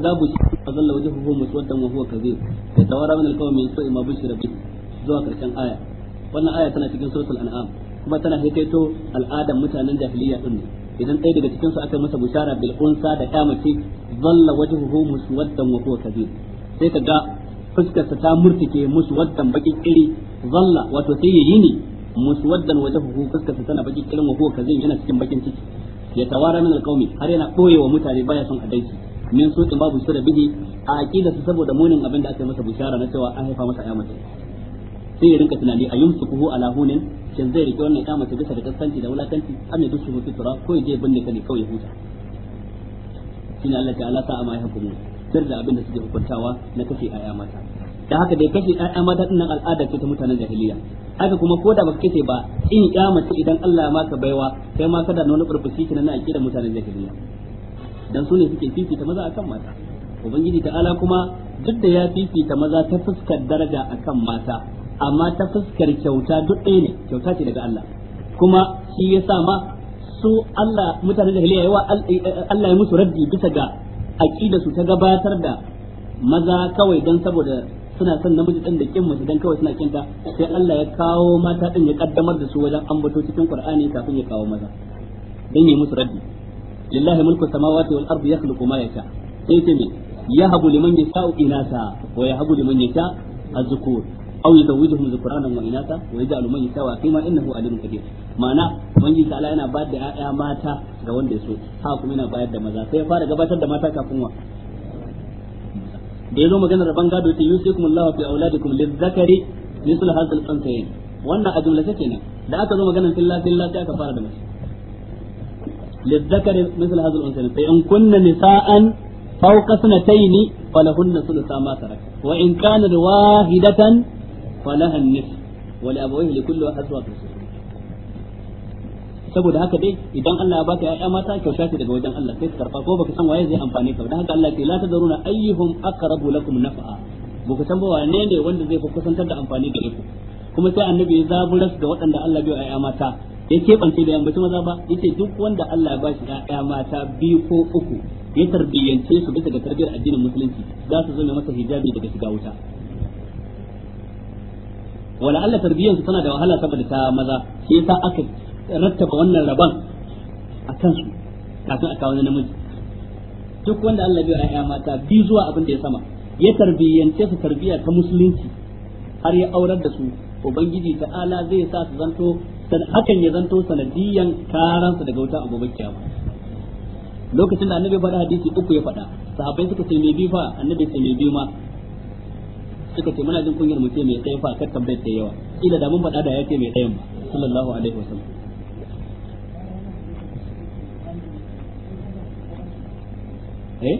idza bushira fazalla wajhuhu muswaddan wa huwa kadhib yatawara min al-qawmi min ma bushira bihi zuwa karshen aya wannan aya tana cikin suratul an'am kuma tana hikaito al'adan mutanen jahiliya din ne idan ɗaya daga cikin su aka masa bushara bil unsa da kyamace zalla wajen wajhuhu muswaddan wa huwa kadhib sai ka fuskar fuskarsa ta murtike musu muswaddan bakin iri zalla wato sai yayi ne musu muswaddan wajen fuskar fuskarsa tana bakin irin wa huwa kadhib yana cikin bakin ciki ya tawara min alqaumi har yana ɓoye wa mutane baya son adaiki min suqi su da bihi a aqida su saboda munin abin da aka masa bushara na cewa an haifa masa mace sai ya rinka tunani a yumsukuhu ala hunin shin zai rike wannan mace bisa da kaskanci da wulakanci amma duk su mutu tura ko je binne ka ne kawai huta shine Allah ta'ala sa amma ya hukumu sir da abin da suke hukuntawa na kashe aya mata da haka dai kashe aya mata din nan al'ada ce ta mutanen jahiliya haka kuma ko da baka kace ba in ya mace idan Allah ya maka baiwa sai ma kada na wani burbushi kina na aqida mutanen jahiliya dan sune ne suke fifita maza akan mata ubangiji ala kuma duk da ya fifita maza ta fuskar daraja akan mata amma ta fuskar kyauta duk ɗaya ne kyauta ce daga Allah kuma shi ya sa ma su Allah mutanen jahiliya yawa eh, eh, Allah ya musu raddi bisa ga aqida su ta gabatar da maza kawai dan saboda suna son namiji dan da kin mace dan kawai suna kinta sai Allah ya kawo mata ɗin ya kaddamar da su wajen ambato cikin Qur'ani kafin ya kawo maza dan yi musu raddi lillahi mulku samawati wal ardi yakhluqu ma yasha sai ce me yahabu liman yasha'u inasa wa yahabu liman yasha az-zukur aw yuzawwijuhum dhukranan wa inasa wa yaj'alu man yasha'u aqima innahu alimun qadir ma'ana ba mata ga wanda ya so kuma ina bayar da maza sai ya fara gabatar da mata kafin wa da yazo maganar rabban gado ta yusikum Allah fi auladikum lizzakari mislu hadhal qantayn wannan a jumla take ne da aka zo magana fillah fillah aka fara da mace للذكر مثل هذا الأنثى فإن كن نساء فوق اثنتين فلهن ثلث ما ترك وإن كانت واحدة فلها النصف ولأبويه لكل واحد ثلث saboda haka dai idan Allah ya baka ya'ya mata kyauta ce daga wajen Allah sai ka karfa ko baka san waye zai amfane ka dan haka Allah ce la tadruna ayyuhum aqrabu lakum naf'a baka san ba wane ne wanda zai fi kusantar da amfani gare ku kuma sai annabi ya zaburas da waɗanda Allah bai ya'ya mata ya keɓance da yambaci maza ba yace duk wanda Allah ya ba shi ƴaƴa mata biyu ko uku ya tarbiyyance su bisa ga tarbiyyar addinin musulunci za su zama masa hijabi daga shiga wuta wala Allah tarbiyyar su tana da wahala saboda ta maza shi yasa aka rattaba wannan rabon a kansu kafin a kawo namiji duk wanda Allah ya bai ƴaƴa mata biyu zuwa abin da ya sama ya tarbiyyance su tarbiyya ta musulunci har ya aurar da su ubangiji ala zai sa su zanto hakan ya zanto sanadiyan karan su daga wuta a gobe kiyama lokacin da annabi faɗa hadisi uku ya faɗa sahabbai suka ce me bi fa annabi ce me bi ma suka ce muna jin kunyar mu ce me sai fa kar tambayar da yawa ila da mun faɗa da ya ce me sai ba sallallahu alaihi wasallam eh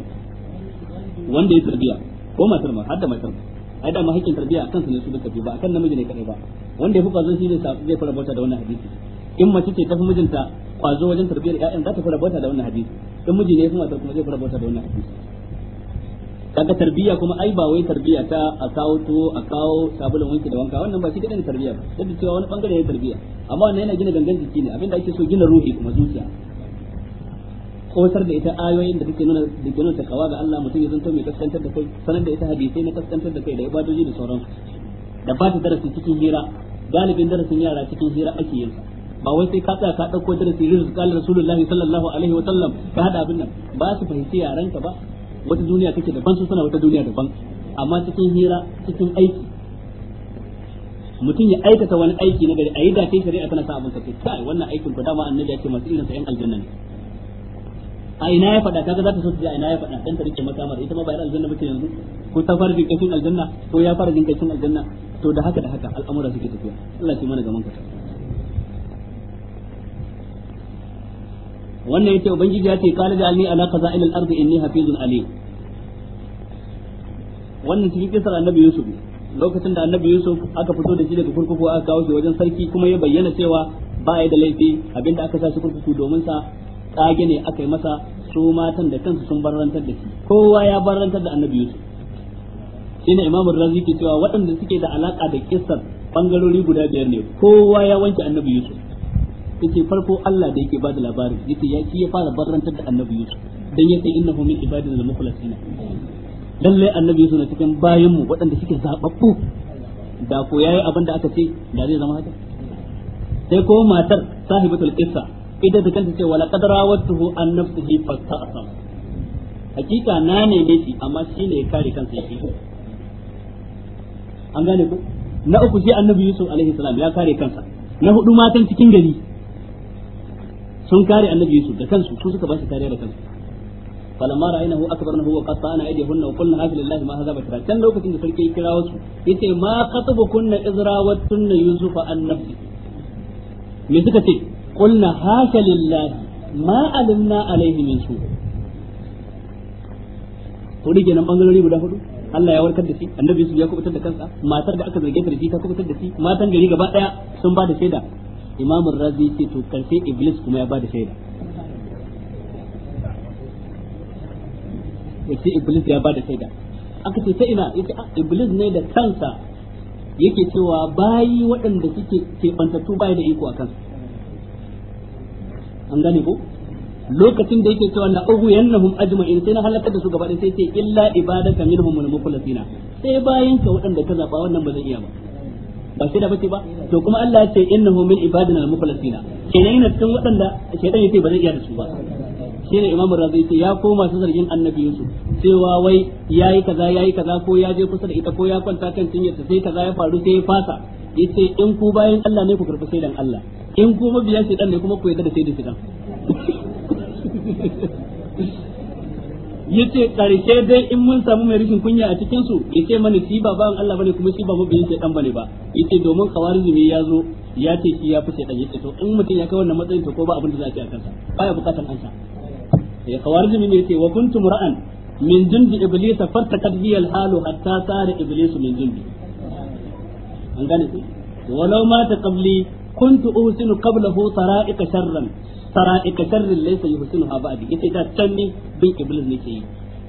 wanda ya tarbiya ko matar ma har da matar ai da ma hakkin tarbiya kansu ne su duka bi ba akan namiji ne kadai ba wanda ya fi kwazo shi zai fara bauta da wannan hadisi in mace ce ta fi mijinta kwazo wajen tarbiyyar ƴaƴan za ta fara bauta da wannan hadisi in miji ne ya fi matar kuma zai fara bauta da wannan hadisi kaga tarbiyya kuma ai ba wai tarbiyya ta a kawo tuwo a kawo sabulun wanki da wanka wannan ba shi kadai tarbiyya ba duk cewa wani bangare ne tarbiyya amma wannan yana gina gangan jiki ne abinda ake so gina ruhi kuma zuciya kosar da ita ayoyin da take nuna da ke nuna takawa ga Allah mutum ya zanto mai kaskantar da kai sanar da ita hadisai na kaskantar da kai da ibadoji da sauransu da ba ta darasi cikin hira galibin darasin yara cikin hira ake yin sa ba wai sai ka tsaya ka dauko darasi rizq qala rasulullahi sallallahu alaihi wa sallam ka hada abin nan ba su fahimci yaran ka ba wata duniya kake daban su suna wata duniya daban amma cikin hira cikin aiki mutum ya aikata wani aiki na gari a yi dace shari'a tana sa abin kace kai wannan aikin ku dama annabi ya ce masu irin sa yan aljanna ne a ina ya faɗa kaga za ta so ta a ina ya faɗa dan ta rike mata ita ma ba yan aljanna bace yanzu ko ta fara jin kashin aljanna ko ya fara jin kashin aljanna to da haka da haka al'amura suke tafiya Allah ya mana gaman ka wannan yace ubangiji ya ce qala ali ala qaza'il al-ardi inni hafizun ali wannan cikin kisar annabi yusuf lokacin da annabi yusuf aka fito da shi daga kurkuku aka kawo shi wajen sarki kuma ya bayyana cewa ba ya da laifi abinda aka sa shi kurkuku domin sa tsage ne aka yi masa su matan da kansu sun barantar da shi kowa ya barantar da annabi yusuf ne imam razi ke cewa waɗanda suke da alaƙa da kisar bangarori guda biyar ne kowa ya wanke annabi yusuf yace farko Allah da yake da labarin yace ya shi ya fara barrantar da annabi yusuf dan yace innahu min ibadina al-mukhlasin lalle annabi yusuf na cikin bayan mu waɗanda suke zababbu da ko yayi abin da aka ce da zai zama haka sai ko matar sahibatul qissa ita da kanta ce wala kadara wattuhu an nafsihi fasta'sam hakika na ne ne shi amma shi ne ya kare kansa yake an gane ku na uku shi annabi yusuf alaihi salam ya kare kansa na hudu matan cikin gari sun kare annabi yusuf da kansu su suka ba shi kariya da kansu falamma ra'aynahu akbarnahu wa aydihunna wa qulna hadha lillahi ma hadha bashara kan lokacin da sarki ya kira wasu yace ma khatabukunna izrawattunna yusuf an me suka ce qulna hasha lillahi ma alimna alaihi min su nan guda hudu Allah ya warkar da shi annabi su ya kubutar da kansa matar da aka zarge ta da shi ta kubutar da shi matan gari gaba daya sun ba da shaida Imam Razi ce to karshe Iblis kuma ya ba da shaida yace Iblis ya ba da shaida aka ce ta ina yace ah, Iblis ne da kansa yake cewa bayi waɗanda suke ke bantattu bayi da iko akan an gane ko lokacin da yake cewa na ugu yannahum ajma'in sai na halaka da su gaba sai ce illa ibadaka minhum al-mukhlasina sai bayan ka waɗanda ka zaba wannan ba zai iya ba ba shi da bace ba to kuma Allah ya ce innahu min ibadina al-mukhlasina kenan yana cikin waɗanda shedan yace ba zai iya da su ba shine imamu razi yace ya koma su zargin annabi yusuf cewa wai yayi kaza yayi kaza ko ya je kusa da ita ko ya kwanta kan cinyarta sai kaza ya faru sai ya fasa yace in ku bayan Allah ne ku karbi sai dan Allah in ku mabiyan shedan ne kuma ku yarda da sai da shedan yace karshe dai in mun samu mai rishin kunya a cikin su yace mana shi ba bawan Allah bane kuma shi ba mabiyin shaytan bane ba yace domin kawariji ya yazo ya ce shi ya fi shaytan yace to in mutum ya kai wannan matsayin to ko ba abin da za a ce a kansa baya bukatan ansa ya eh, kawariji ne yace wa kuntum ra'an min jundi iblis fartakat bi al halu hatta sara iblis min jundi an gane ku walau ma ta qabli kuntu أوسن qablahu طرائق sharran. sara'ika sharrin laysa yuhsinuha ba'di yace da ne bin iblis nake yi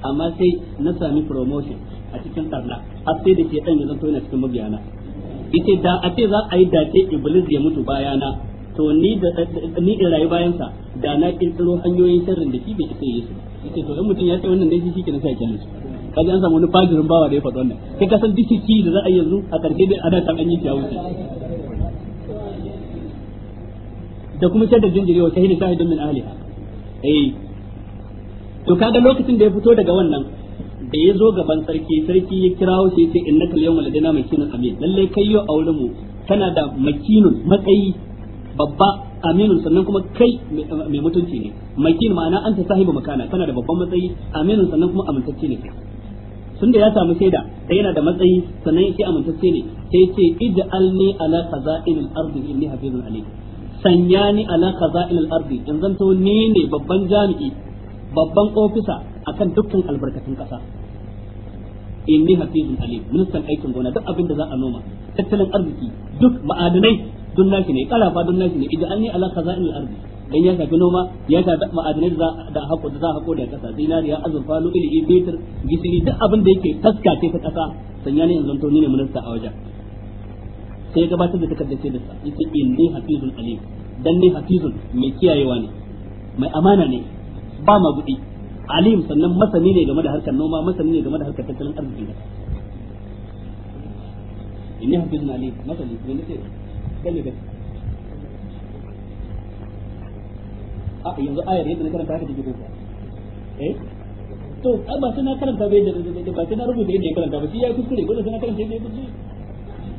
amma sai na sami promotion a cikin tarna har sai da shedan ya zanto yana cikin mabiyana yace da a ce za a yi dace iblis ya mutu bayana to ni da ni da rayu bayan sa da na kirkiro hanyoyin sharrin da shi bai sai yesu yace to in mutum ya ce wannan dai shi ke sai ya kalle kaji an samu wani fajirin bawa da ya faɗi wannan kai ka san dukiki da za a yi yanzu a karshe dai ana san an yi ciyawa da kuma shaddar jinjiri wa shahidi shahidun min aliha eh to kaga lokacin da ya fito daga wannan da ya zo gaban sarki sarki ya kira shi yace innaka al-yawma ladaina makinun amin lalle kai yo a mu kana da makinun matsayi babba aminun sannan kuma kai mai mutunci ne makin ma'ana an ta sahiba makana kana da babban matsayi aminun sannan kuma amintacce ne tun da ya samu shaida da yana da matsayi sannan yake amintacce ne sai ce ij'alni ala khaza'inil ardi inni hafizun alim sanya ni ala khaza'il al-ardi in zanto ni ne babban jami'i babban ofisa akan dukkan albarkatun kasa inni hafizun alim ministan aikin gona duk abin da za a noma tattalin arziki duk ma'adanai dun nashi ne kalafa dun nashi ne idan ni ala khaza'il al-ardi dan ya shafi noma ya shafi ma'adanai da da hako da za a hako da kasa zinariya azurfa lu'ili fetur gisiri duk abin da yake taskace ta kasa sanya ni in zanto ni ne minista a wajen sai gabatar da takardar shaidarsa in inni hafizul alim dan ne hafizun mai kiyayewa ne mai amana ne ba ma gudi alim sannan masani ne game da harkar noma masani ne game da harkar tattalin arziki ne inni hafizun alim masani ne nake kalle ga a yanzu ayar yadda na karanta haka take kuka eh to ba sai na karanta bai da ba sai na rubuta yadda ya karanta ba shi ya kuskure ko sai na karanta yadda ya kuskure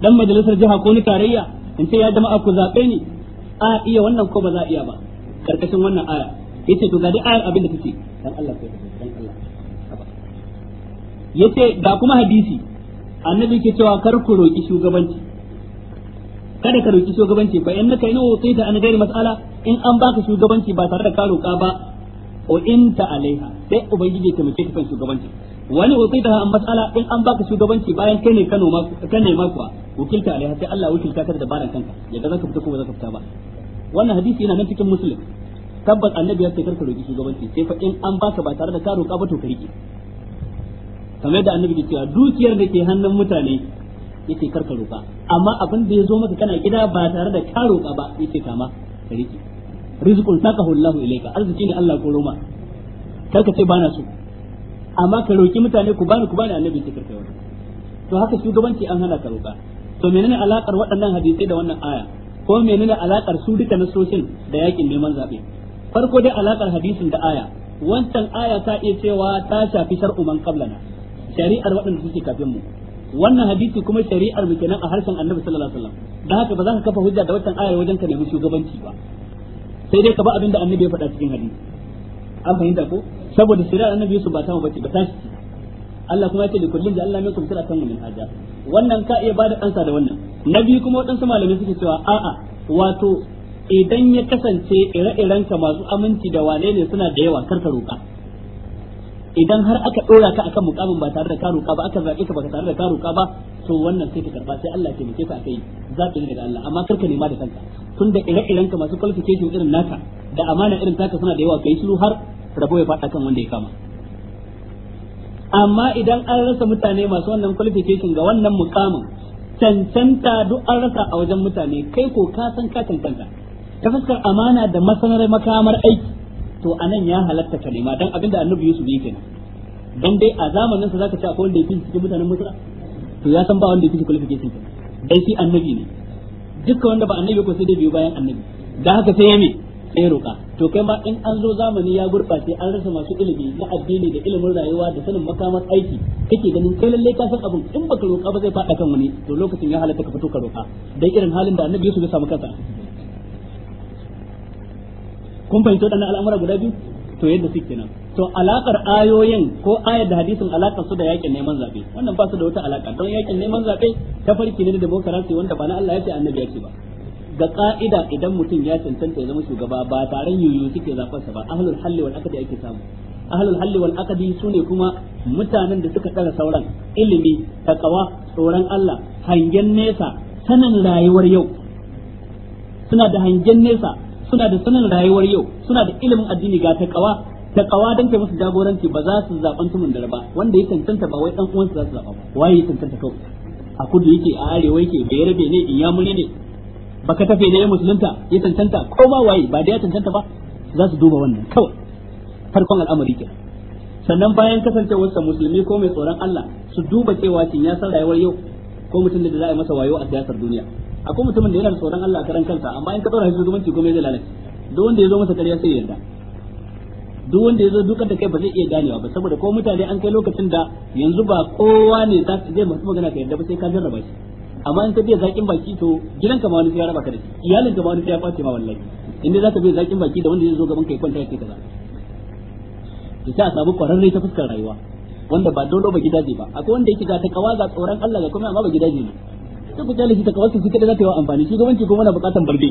dan majalisar jiha ko ni tarayya in ce ya jama'a ku zabe ni a iya wannan ko ba za iya ba karkashin wannan aya yace to ga dai ayar abin da take dan Allah sai dan Allah yace ga kuma hadisi annabi ke cewa kar ku roki shugabanci kada ka roki shugabanci naka innaka in wutsita an gari mas'ala in an baka shugabanci ba tare da ka roka ba o inta alaiha sai ubangiji ta mace kan shugabanci wani wutsita an mas'ala in an baka shugabanci bayan kai ne ka noma ka wakilta alaiha sai Allah wakilta ka da baran kanka ya ga zaka fita ko zaka fita ba wannan hadisi yana nan cikin muslim tabbas annabi ya ce karka roki shugabanci sai fa in an baka ba tare da ka roka ba to ka rike kamar da annabi ke cewa dukiyar da ke hannun mutane yace karka roka amma abin da ya zo maka kana gida ba tare da ka roka ba yace kama ka rike rizqun taqahu Allahu ilayka arziki ne Allah ko roma karka ce bana so amma ka roki mutane ku bani ku bani annabi ce karka yau to haka shugabanci an hana ka roka to menene alakar waɗannan hadisai da wannan aya ko menene alakar su duka nasoshin da yakin neman zaɓe farko dai alakar hadisin da aya wancan aya ta iya cewa ta shafi shar'u man qablana shari'ar waɗanda suke kafin mu wannan hadisi kuma shari'ar mu kenan a harshen annabi sallallahu alaihi wasallam dan haka ba za ka kafa hujja da wancan ayar wajen ka nemi shugabanci ba sai dai ka ba abin da annabi ya faɗa cikin hadisi an fahimta ko saboda shari'ar annabi su ba ta mu bace ba ta shi Allah kuma ya ce kullun da Allah minkum siratan min haja. wannan ka iya bada kansa da wannan nabi kuma wadansu malamai suke cewa a wato idan ya kasance ire-iren ka masu aminci da wane ne suna da yawa karka roƙa idan har aka ɗora ka akan mukamin ba tare da ka roƙa ba aka zaɓe ka ba tare da ka roƙa ba to wannan sai ka karba sai Allah ke muke ka kai zaɓi ne daga Allah amma karka nema da kanka tunda ire-iren ka masu qualification irin naka da amana irin taka suna da yawa kai shiru har rabo ya faɗa kan wanda ya kama amma idan an rasa mutane masu wannan qualification ga wannan mukamin cancanta duk an rasa a wajen mutane kai ko ka san ka cancanta ta fuskar amana da masanar makamar aiki to anan ya halatta kalima dan abinda annabi Yusuf yake kenan dan dai a zamanin sa zaka ce akwai wanda yake cikin mutanen Misra to ya san ba wanda yake qualification dai shi annabi ne dukkan wanda ba annabi ko sai dai biyo bayan annabi dan haka sai ya me ya roka to kai ma in an zo zamani ya gurbace an rasa masu ilimi na addini da ilimin rayuwa da sanin makamar aiki kake ganin kai lalle ka san abin in baka roka ba zai fada kan wani to lokacin ya halatta ka fito ka roka dan irin halin da annabi Yusuf ya samu kansa kun fahimci wadannan al'amura guda biyu to yadda suke kenan to alakar ayoyin ko ayar da hadisin alakar su da yakin neman zabe wannan ba su da wata alaka don yakin neman zabe ta farki ne da demokarasi wanda ba na Allah ya ce annabi ya ce ba ga ka'ida idan mutum ya cancanta ya zama shugaba ba taron yuyu suke zaɓar sa ba ahlul halli wal aqdi ake samu ahlul halli wal aqdi sune kuma mutanen da suka tsara sauran ilimi takawa tsoron Allah hangen nesa sanin rayuwar yau suna da hangen nesa suna da sanin rayuwar yau suna da ilimin addini ga takawa takawa dan ke musu jagoranci ba za su zaɓan tumun da ba wanda ya cancanta ba wai dan uwansa za su zaɓa ba waye ya cancanta kawai a kudu yake a arewa yake bayarabe ne inyamuri ne baka tafe da ya musulunta ya tantanta ko ma waye ba da ya tantanta ba za su duba wannan kawai farkon al'amari ke sannan bayan kasancewarsa musulmi ko mai tsoron Allah su duba cewa shin ya san rayuwar yau ko mutum da za a yi masa wayo a siyasar duniya akwai mutumin da yana tsoron Allah a karan kansa amma in ka tsora hajjin zumunci mai zai lalace duk wanda ya zo masa kariya sai ya yarda duk wanda ya zo dukan da kai ba zai iya ganewa ba saboda ko mutane an kai lokacin da yanzu ba kowa ne za su zai masu magana ka yarda ba sai ka jarraba shi amma in ka biya zakin baki to gidanka ma wani sai ya raba ka da shi iyalinka ma wani sai ya kwace ma wallahi inda za ka biya zakin baki da wanda zai zo gaban ka ya kwanta ya ce kaza ki ta sabu kwararre ta fuskar rayuwa wanda ba dodo ba gidaje ba akwai wanda yake ga ta kawa ga tsoron Allah ga kuma amma ba gidaje ne sai ku shi ta kawarsa shi kada za ta yi amfani shi gaban ki kuma na bukatan barbe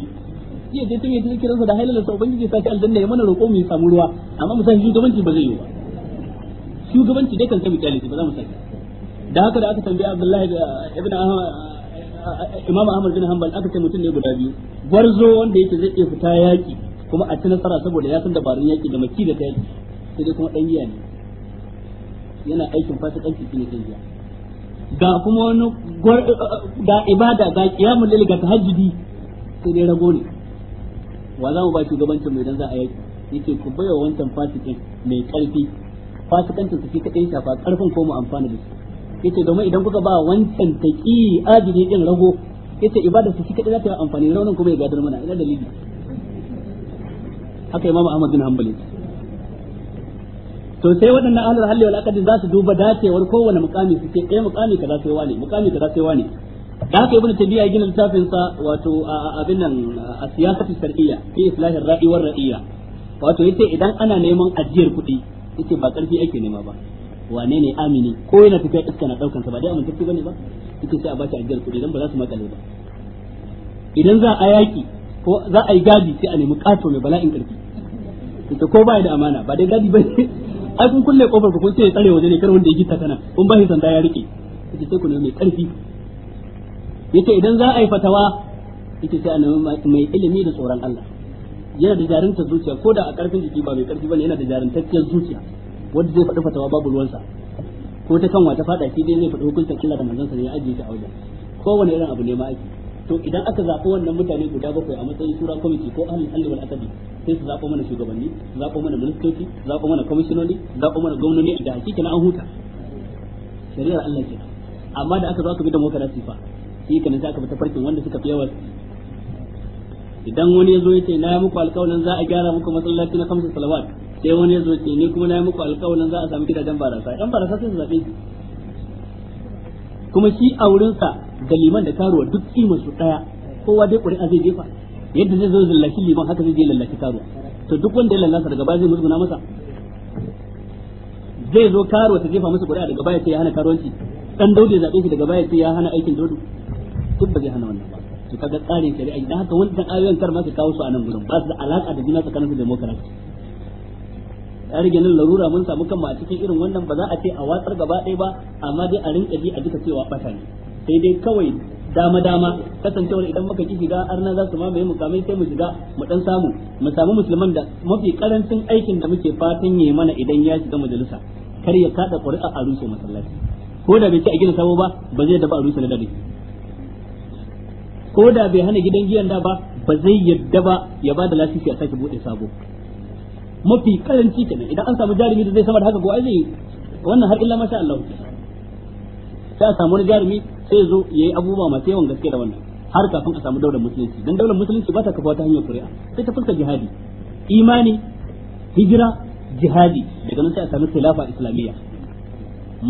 iya je tun yaji kiransa da hailalar sa ubangiji sa shi aljanna ya mana roƙo mu samu ruwa amma mu san shugabanci ba zai yi ba shugabanci dai kan sai mu talishi ba za mu saki da haka da aka tambaye Abdullahi da eh, ibn Ahmad Imam Ahmad bin Hanbal aka ce mutum ne guda biyu gwarzo wanda yake zai iya fita yaki kuma a ci nasara saboda ya san dabarun yaki da maki da kai sai dai kuma dan giya ne yana aikin fasikanci ne kan giya ga kuma wani eh, eh, ga ibada ga kiyamu lil ga tahajjudi sai dai rago ne wa za mu ba shugabancin mai dan za a yaki yake ku baiwa wancan fasikin mai karfi fasikancin su shi kadai shafa karfin ko mu amfana da shi yace domin idan kuka ba wancan taki ajiye din rago yace ibada su kika za ta amfani raunin kuma ya gadar mana ina dalili haka imam ahmad bin hanbali to sai waɗannan ahlul halli wal aqd za su duba dacewar kowane mukami su ce eh mukami kaza sai wani mukami kaza sai wani da haka ibnu tabi'a gina littafin sa wato abin nan a siyasatu shar'iyya fi islahir ra'i war ra'iyya wato yace idan ana neman ajiyar kuɗi yace ba karfi ake nema ba wane ne amini ko yana tafiya iska na daukan sa ba dai amintacce bane ba suke sai a bashi ajiyar kuɗi dan ba za su makale ba idan za a yaki ko za a yi gadi sai a nemi kato mai bala'in karfi ita ko ba da amana ba dai gadi ba ai kun kulle kofar ku kun ce tsare waje ne kar wanda ya gita kana kun ba shi sanda ya rike kace sai ku nemi mai karfi yake idan za a yi fatawa yace sai a nemi mai ilimi da tsoron Allah yana da jarinta zuciya ko da a karfin jiki ba mai karfi bane yana da jarintacciyar zuciya wanda zai faɗi fatawa babu ruwansa ko ta kan ta faɗa shi dai zai faɗi hukuncin Allah da manzon sa ne ya ajiye shi a wajen kowane irin abu ne ma ake to idan aka zaɓi wannan mutane guda bakwai a matsayin tura kwamiti ko ahli alli wal akadi sai su zaɓo mana shugabanni su zaɓo mana ministoci su zaɓo mana kwamishinoni su zaɓo mana gwamnoni da hakika an huta shari'ar Allah ke amma da aka zo aka bi mokara fa shi kana sai aka bi farkin wanda suka fi yawa idan wani ya zo ya ce na muku alƙawarin za a gyara muku masallaci na kamsa salawat sai wani ya zo ce ni kuma na yi muku alkawalin za a samu gidajen barasa yan barasa sai su zaɓe kuma shi a wurinsa da liman da karuwa duk kimar su ɗaya kowa dai ƙuri'a zai jefa yadda zai zo zallaki liman haka zai je lallaki karuwa to duk wanda ya lallasa daga baya zai musguna masa zai zo karuwa ta jefa masa ƙuri'a daga baya sai ya hana karuwanci dan daude zaɓe shi daga baya sai ya hana aikin daudu duk ba zai hana wannan ba to kaga tsarin shari'a idan haka wannan ayoyin kar ma su kawo su a nan gurin ba su da alaka da juna tsakanin su da rage nan larura mun samu kanmu a cikin irin wannan ba za a ce a watsar gaba ɗaya ba amma dai a rinka ji a duka cewa ɓata ne sai dai kawai dama dama kasancewar idan muka ki shiga arna za su mamaye mu kamai sai mu shiga mu dan samu mu samu musulman da mafi karancin aikin da muke fatan yayi mana idan ya shiga majalisa kar ya kada ƙuri'a a rushe masallaci ko da bai ci a gina sabo ba ba zai dafa a rushe na dare ko da bai hana gidan giyan da ba ba zai yadda ba ya ba da lasisi a sake bude sabo mafi karanci kenan idan an samu jarumi da zai sama da haka ko ai zai wannan har illa masha Allah sai a samu wani jarumi sai zo yayi abubuwa masu yawan gaske da wannan har kafin a samu daular musulunci dan daular musulunci ba ta kafa ta hanyar kuri'a sai ta fuskar jihadi imani hijira jihadi daga nan sai a samu khilafa islamiyya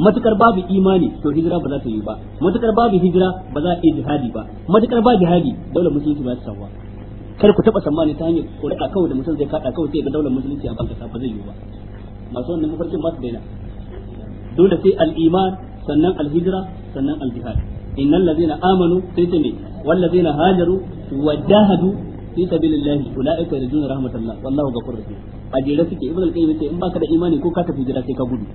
matukar babu imani to hijira ba za ta yi ba matukar babu hijira ba za a yi jihadi ba matukar ba jihadi daular musulunci ba ta samu kar ku taba tsammani ta hanyar kuri'a kawai da mutum zai kada kawai sai ga daular musulunci a banka ba zai yiwu ba masu wannan mafarkin ba su daina dole sai al-iman sannan al-hijra sannan al-jihad innal ladzina amanu sai ta me wal ladzina hajaru wa jahadu fi sabilillahi ulaika yarjuna rahmatallah wallahu ghafurur rahim a jere suke ibn al-qayyim yace in baka da imani ko ka tafi jira sai ka gudu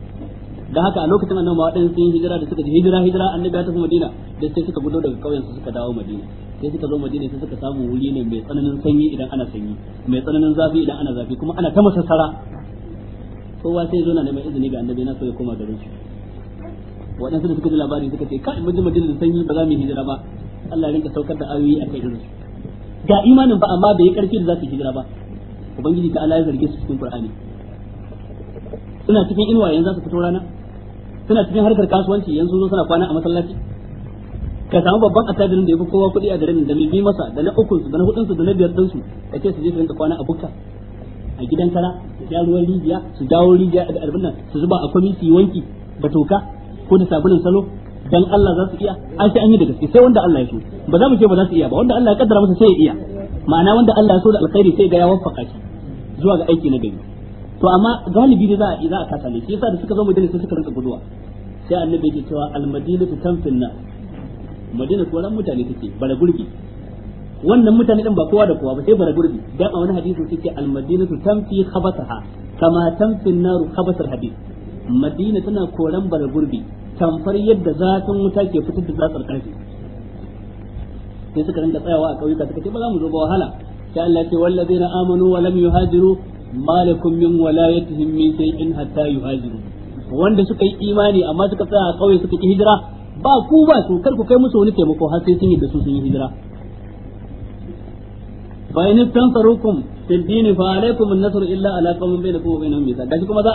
da haka a lokacin annabi waɗanda sun hijira da suka ji hijira hijira annabi ya tafi madina da sai suka gudo daga ƙauyen su suka dawo madina sai suka zo madina sai suka samu wuri ne mai tsananin sanyi idan ana sanyi mai tsananin zafi idan ana zafi kuma ana ta masassara kowa sai zo na neman izini ga annabi na so ya koma garin shi waɗansu da suka ji labari suka ce kai mun ji madina da sanyi ba za mu hijira ba Allah ya rinka saukar da ayoyi a kai irin ga imanin ba amma bai yi karfi da za su hijira ba ubangiji ta Allah ya zarge su cikin Qur'ani suna cikin inuwa yanzu za su fito rana suna cikin harkar kasuwanci yanzu sun suna kwana a masallaci ka samu babban attajirin da ya fi kowa kuɗi a garin da bi masa da na ukun su da na hudun su da na biyar ɗinsu da ce su je su rinka kwana a bukka a gidan kara su sha ruwan rijiya su dawo rijiya da arbin nan su zuba a kwami su yi wanki da toka ko da sabulin salo dan Allah za su iya an sai an yi da gaske sai wanda Allah ya so ba za mu ce ba za su iya ba wanda Allah ya kaddara masa sai ya iya ma'ana wanda Allah ya so da alkhairi sai ga ya waffaka shi zuwa ga aiki na gari to amma galibi ne za a za a kasa ne yasa da suka zo madina sai suka rinka guduwa sai annabi ya cewa almadinatu tanfin na madina ko ran mutane take bara gurbi wannan mutane din ba kowa da kowa ba sai bara gurbi dan a wani hadisi sai ce almadinatu tanfi khabasaha kama tanfin naru khabasar hadith madina tana koran bara gurbi tamfar yadda zafin wuta ke fitar da zatsar karfi sai suka rinka tsayawa a kauyuka suka ce ba za mu zo ba wahala sai Allah ya ce wallazina amanu wa lam yuhajiru malakum min walayatihim min shay'in hatta yuhajiru wanda suka yi imani amma suka tsaya a kauye suka ki hijira ba ku ba su kar ku kai musu wani taimako har sai sun yi da su sun yi hijira fa in tansarukum fil dini fa alaikum an-nasr illa ala qaumin bainakum wa bainahum mithaq kaji kuma za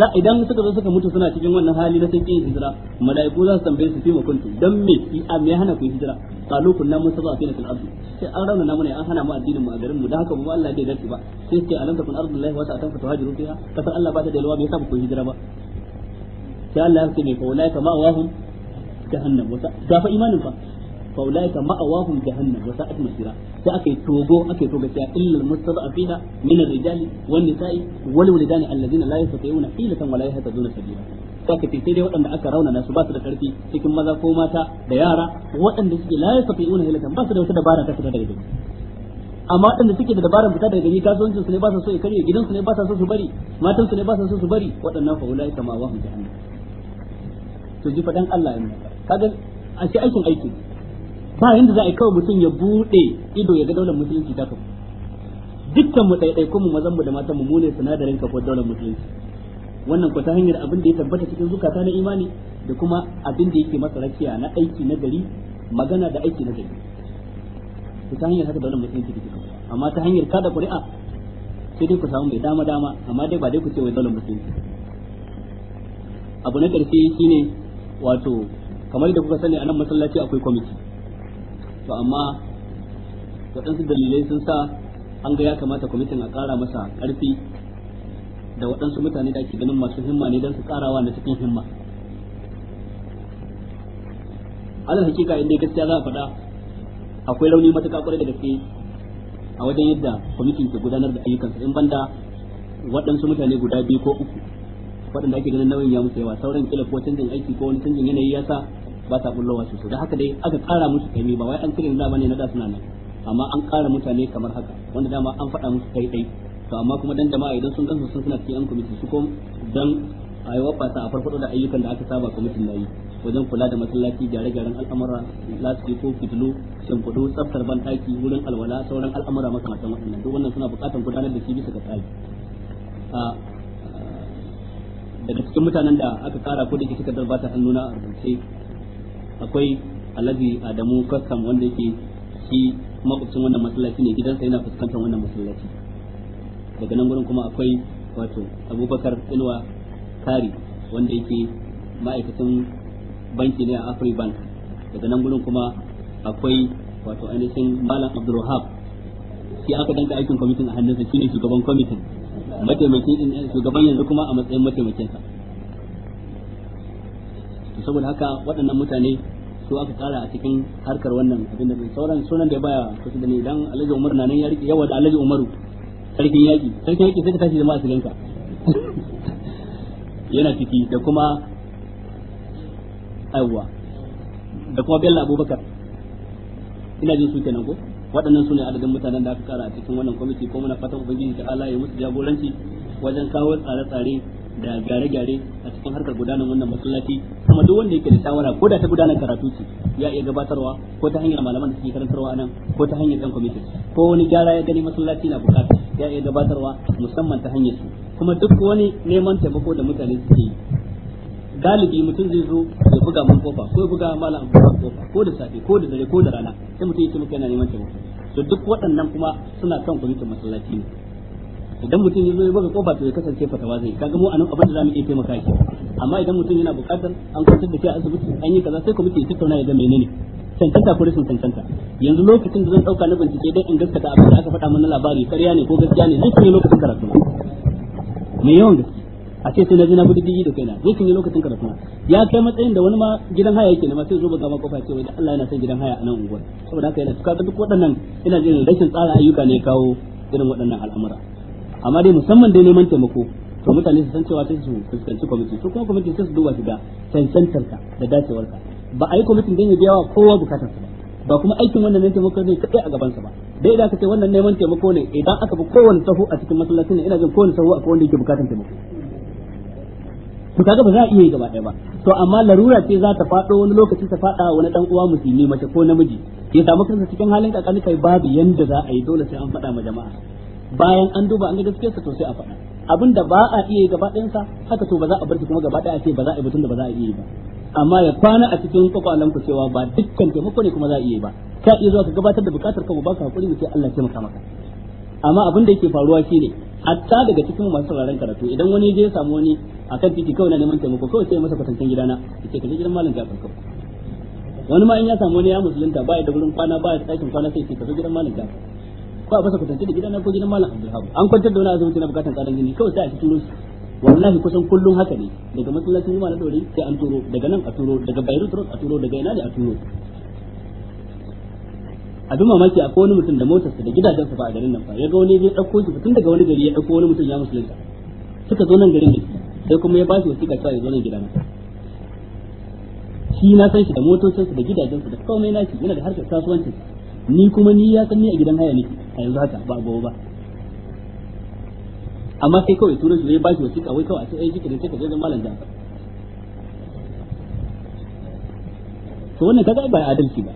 za idan suka zo suka mutu suna cikin wannan hali na sun kin hijira malaiku za su tambaye su fi makuntu dan me ki a me hana ku hijira qalu kunna mustadafina fil ardi sai an rauna mu ne an hana mu addinin mu a garin mu da haka mu Allah bai dace ba sai sai alam takun ardullahi wa ta'atan fatuhajiru fiha kasar Allah ba ta da yalwa me yasa ku hijira ba sai ya ce fa fa imanin fa fa ulaika ma'awahum jahannam wa sa'at masira sai akai togo akai togo cewa illal mustada'afina min ar-rijali wan nisa'i wal walidani alladhina la yastati'una hilatan wa la yahtaduna sabila saka ce sai dai waɗanda aka rauna nasu ba da karfi cikin maza ko mata da yara waɗanda suke la yastati'una hilatan ba su da wata dabara ta fita daga gari amma waɗanda suke da dabaran fita daga gari kasuwancin su ne ba su so ya karye gidan su ne ba su so su bari matan su ne ba su so su bari waɗannan fa ulai kama wa jahannam to ji fadan Allah ne kaga a shi aikin aiki ba yanda za a yi kawai mutum ya bude ido ya ga daular musulunci ta kafa dukkan mu ɗaiɗaiku mu mazan mu da matan mu mune sinadarin kafa daular musulunci wannan ko ta hanyar abin da ya tabbata cikin zukata na imani da kuma abin da yake masa rakiya na aiki na gari magana da aiki na gari ko ta hanyar haka daular musulunci take kafa amma ta hanyar kada ƙuri'a sai dai ku samu mai dama dama amma dai ba dai ku ce wai daular musulunci abu na ƙarshe shine wato kamar da kuka sani a nan masallaci akwai kwamiti to amma waɗansu dalilai sun sa an ga ya kamata kwamitin a ƙara masa ƙarfi da waɗansu mutane da ake ganin masu himma ne don su ƙarawa na cikin himma alal hakika inda gaskiya za a faɗa akwai rauni matuƙa ƙwarai da gaske a wajen yadda kwamitin ke gudanar da ayyukansa in banda waɗansu mutane guda biyu ko uku waɗanda ake ganin nauyin ya musu yawa sauran kila ko canjin aiki ko wani canjin yanayi ya sa ba ta bullowa sosai da haka dai aka kara musu kaimi ba wai an kire da bane na da suna nan amma an kara mutane kamar haka wanda dama an faɗa musu kai dai to amma kuma dan jama'a idan sun gansu sun suna cikin yan kwamiti su ko dan a yi wabata a farfado da ayyukan da aka saba kwamitin na yi wajen kula da masallaci gyare-gyaren al'amura lasfi ko fitilu shimfiɗu tsaftar ban daki wurin alwala sauran al'amura makamantan waɗannan duk wannan suna buƙatar gudanar da shi bisa ga tsari daga cikin mutanen da aka kara ko da ke takardar ba ta hannuna a rubuce akwai alabi adamu kasam wanda yake shi makwabcin wannan masallaci ne gidansa yana fuskantar wannan masallaci daga nan gurin kuma akwai wato abubakar ilwa kari wanda yake ma'aikacin banki ne a afri-bank daga nan gurin kuma akwai wato ainihin malam abdulrahab shi aka danka aikin kwamitin a hannunsa shine shugaban kwamitin mataimakin shugaban yanzu kuma a matsayin mataimakinsa saboda haka waɗannan mutane su aka tsara a cikin harkar wannan abin da sauran sunan da baya kusa da ne dan Alhaji Umar na nan ya rike yawa da Alhaji Umaru sarkin yaki sarkin yaki sai ka tashi jama'a su ganka yana ciki da kuma aiwa da kuma bella Abubakar ina jin su kenan ko waɗannan su ne adadin mutanen da aka kara a cikin wannan kwamiti ko muna fatan ubangiji ta Allah ya musu jagoranci wajen kawo tsare-tsare da gyare-gyare a cikin harkar gudanar wannan masallaci amma duk wanda yake da shawara ko da ta gudanar karatu ce ya iya gabatarwa ko ta hanyar malaman da suke karantarwa nan ko ta hanyar dan kwamitin ko wani gyara ya gani masallaci na bukata ya iya gabatarwa musamman ta hanyar su kuma duk wani neman taimako da mutane suke yi galibi mutum zai zo ya buga mun kofa ko ya buga malam abu kofa ko da safe ko da dare ko da rana sai mutum ce muka yana neman taimako to duk waɗannan kuma suna kan kwamitin masallaci ne idan mutum ya zo ya buga kofa to ya kasance fatawa zai kaga mu anan abin da zamu iya taimaka shi amma idan mutum yana buƙatar an kwantar da shi a asibiti an yi kaza sai kuma ke tattauna ya ga menene tantanta ko rashin tantanta yanzu lokacin da zan dauka na bincike dai in gaskata abin da aka faɗa mana labari ƙarya ne ko gaskiya ne zai cinye lokacin karatu ne yawan gaske a ce sai na ji na bi diddigi da kaina zai cinye lokacin karatu ya kai matsayin da wani ma gidan haya yake ne ma sai zo buga ma kofa ce wai da Allah yana son gidan haya a nan unguwar saboda haka yana tuka duk waɗannan ina jin rashin tsara ayyuka ne kawo irin waɗannan al'amura amma dai musamman dai neman taimako to mutane su san cewa sai su fuskanci kwamiti su kuma kwamiti sai su duba shi da cancantar ka da dacewar ka ba a yi kwamitin don ya biya wa kowa bukatarsa ba ba kuma aikin wannan neman taimako ne kadai a gaban sa ba dai da ka ce wannan neman taimako ne idan aka bi kowanne taho a cikin masallacin ne ina jin kowanne taho akwai wanda yake bukatar taimako to kaga ba za a iya yi gaba daya ba to amma larura ce za ta faɗo wani lokaci ta faɗa wani dan uwa musulmi mace ko namiji ya samu kansa cikin halin kakani kai babu yanda za a yi dole sai an faɗa ma jama'a bayan an duba an ga gaskiyar sa to sai a faɗa abin da ba a iya gaba ɗayan sa haka to ba za a bar shi kuma gaba ɗaya ce ba za a yi batun da ba za a iya ba amma ya kwana a cikin kwakwalan ku cewa ba dukkan taimako ne kuma za a iya ba ka iya zuwa ka gabatar da bukatar ka ba ka hakuri mu sai Allah ya taimaka maka amma abin da yake faruwa shine hatta daga cikin masu sauraron karatu idan wani je ya samu wani akan titi kawai na neman taimako kawai sai masa kwatancin gidana yace ka je gidan malam Jafar kawai wani ma in ya samu wani ya musulunta ba ya da gurin kwana ba ya da ɗakin kwana sai ka zo gidan malam Jafar ba a masa kwatance da gidan ko gidan malam Abdulhab an kwantar da wani azumi na bukatan karin gini kawai sai a turo shi wallahi kusan kullum haka ne daga masallacin Juma'a na dore sai an turo daga nan a turo daga Beirut Road a turo daga ina ne a turo a duma maki a wani mutum da motarsa da gidajensa ba a garin nan ba ya ga wani zai ɗauko shi tun daga wani gari ya ɗauko wani mutum ya musulunta suka zo nan garin da sai kuma ya ba shi wasiƙa cewa ya zo nan gidan shi na san shi da motocinsa da gidajensa da komai na shi yana da harkar kasuwancin ni kuma ni ya san ni a gidan haya nake yanzu haka ba gobe ba amma sai kawai turo shi ba shi wasiƙa wai kawai a ce ai jikin sai ka je malam Jafar to wannan kaga ba adalci ba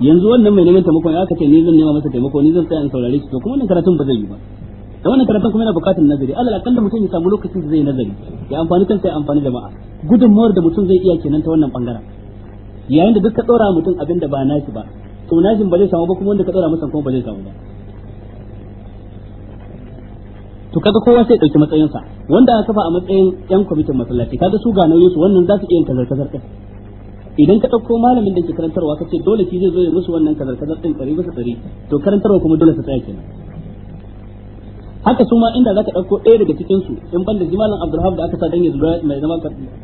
yanzu wannan mai neman taimako ya kace ni zan nema masa taimako ni zan tsaya in saurare shi to kuma wannan karatun ba zai yi ba da wannan karatun kuma yana bukatar nazari alal akalla mutum ya samu lokacin da zai nazari ya amfani kansa ya amfani jama'a gudunmawar da mutum zai iya kenan ta wannan bangaren yayin da duk ka tsora mutum abin da ba nashi ba to nashin ba zai samu ba kuma wanda ka tsora masa kuma ba zai samu ba to kaga kowa sai dauki matsayinsa wanda aka kafa a matsayin yan kwamitin masallaci kaga su ga nauyin su wannan za su iya kazar kazar din idan ka dauko malamin da ke karantarwa kace dole shi zai zo ya musu wannan kazar kazar din 100 bisa 100 to karantarwa kuma dole ta tsaya kenan haka su ma inda zaka dauko ɗaya daga cikin su in banda jimalan Abdulhab da aka sa dan ya zura mai zama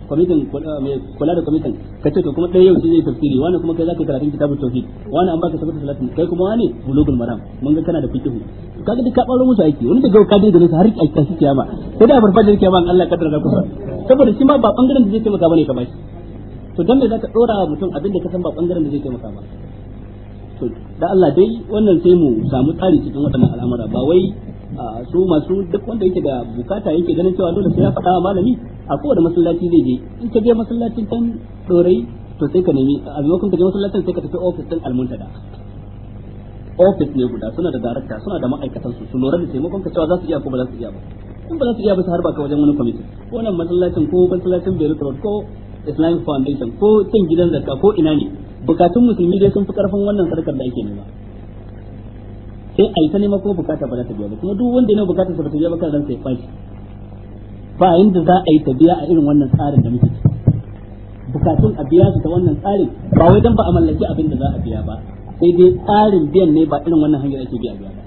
kwamitin mai kula da kwamitin kace to kuma ɗaya yau shi zai tafsiri wani kuma kai zaka karatun kitabut tauhid wani an baka sabata salatin kai kuma wani bulugul maram mun ga kana da fiqh kaga duk ka ɓaro musu aiki wani daga ka dinga nesa har ki aika shi kiyama sai da farfajin kiyama an Allah kaddara ku saboda shi ma ba bangaren da zai taimaka bane ka bashi to dan me zaka dora wa mutum abin da ka san ba bangaren da zai taimaka ba to da Allah dai wannan sai mu samu tsari cikin waɗannan al'amura ba wai su masu duk wanda yake da bukata yake ganin cewa dole sai ya faɗa malami a kowane masallaci zai je in ka je masallacin tan dorai to sai ka nemi a maimakon ka je masallacin sai ka tafi ofis din almuntada ofis ne guda suna da darakta suna da ma'aikatan su su lura da taimakon ka cewa za su iya ko ba za su iya ba in ba za su iya ba su harba ka wajen wani kwamiti ko nan masallacin ko masallacin Beirut Road ko Islamic Foundation ko cin gidan zakka ko ina ne bukatun musulmi dai sun fi karfin wannan sarkar da ake nema sai a yi ta nema kuma bukata ba za ta biya ba kuma duk wanda yana bukata sa ba ta biya ba kan ransa ya fashi ba inda za a yi ta biya a irin wannan tsarin da muke bukatun a biya su ta wannan tsarin ba wai dan ba a mallaki abin da za a biya ba sai dai tsarin biyan ne ba irin wannan hanyar ake biya biya ba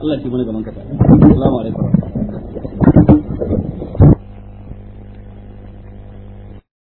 Allah ya ci mana gaban ka ta. Assalamu alaikum.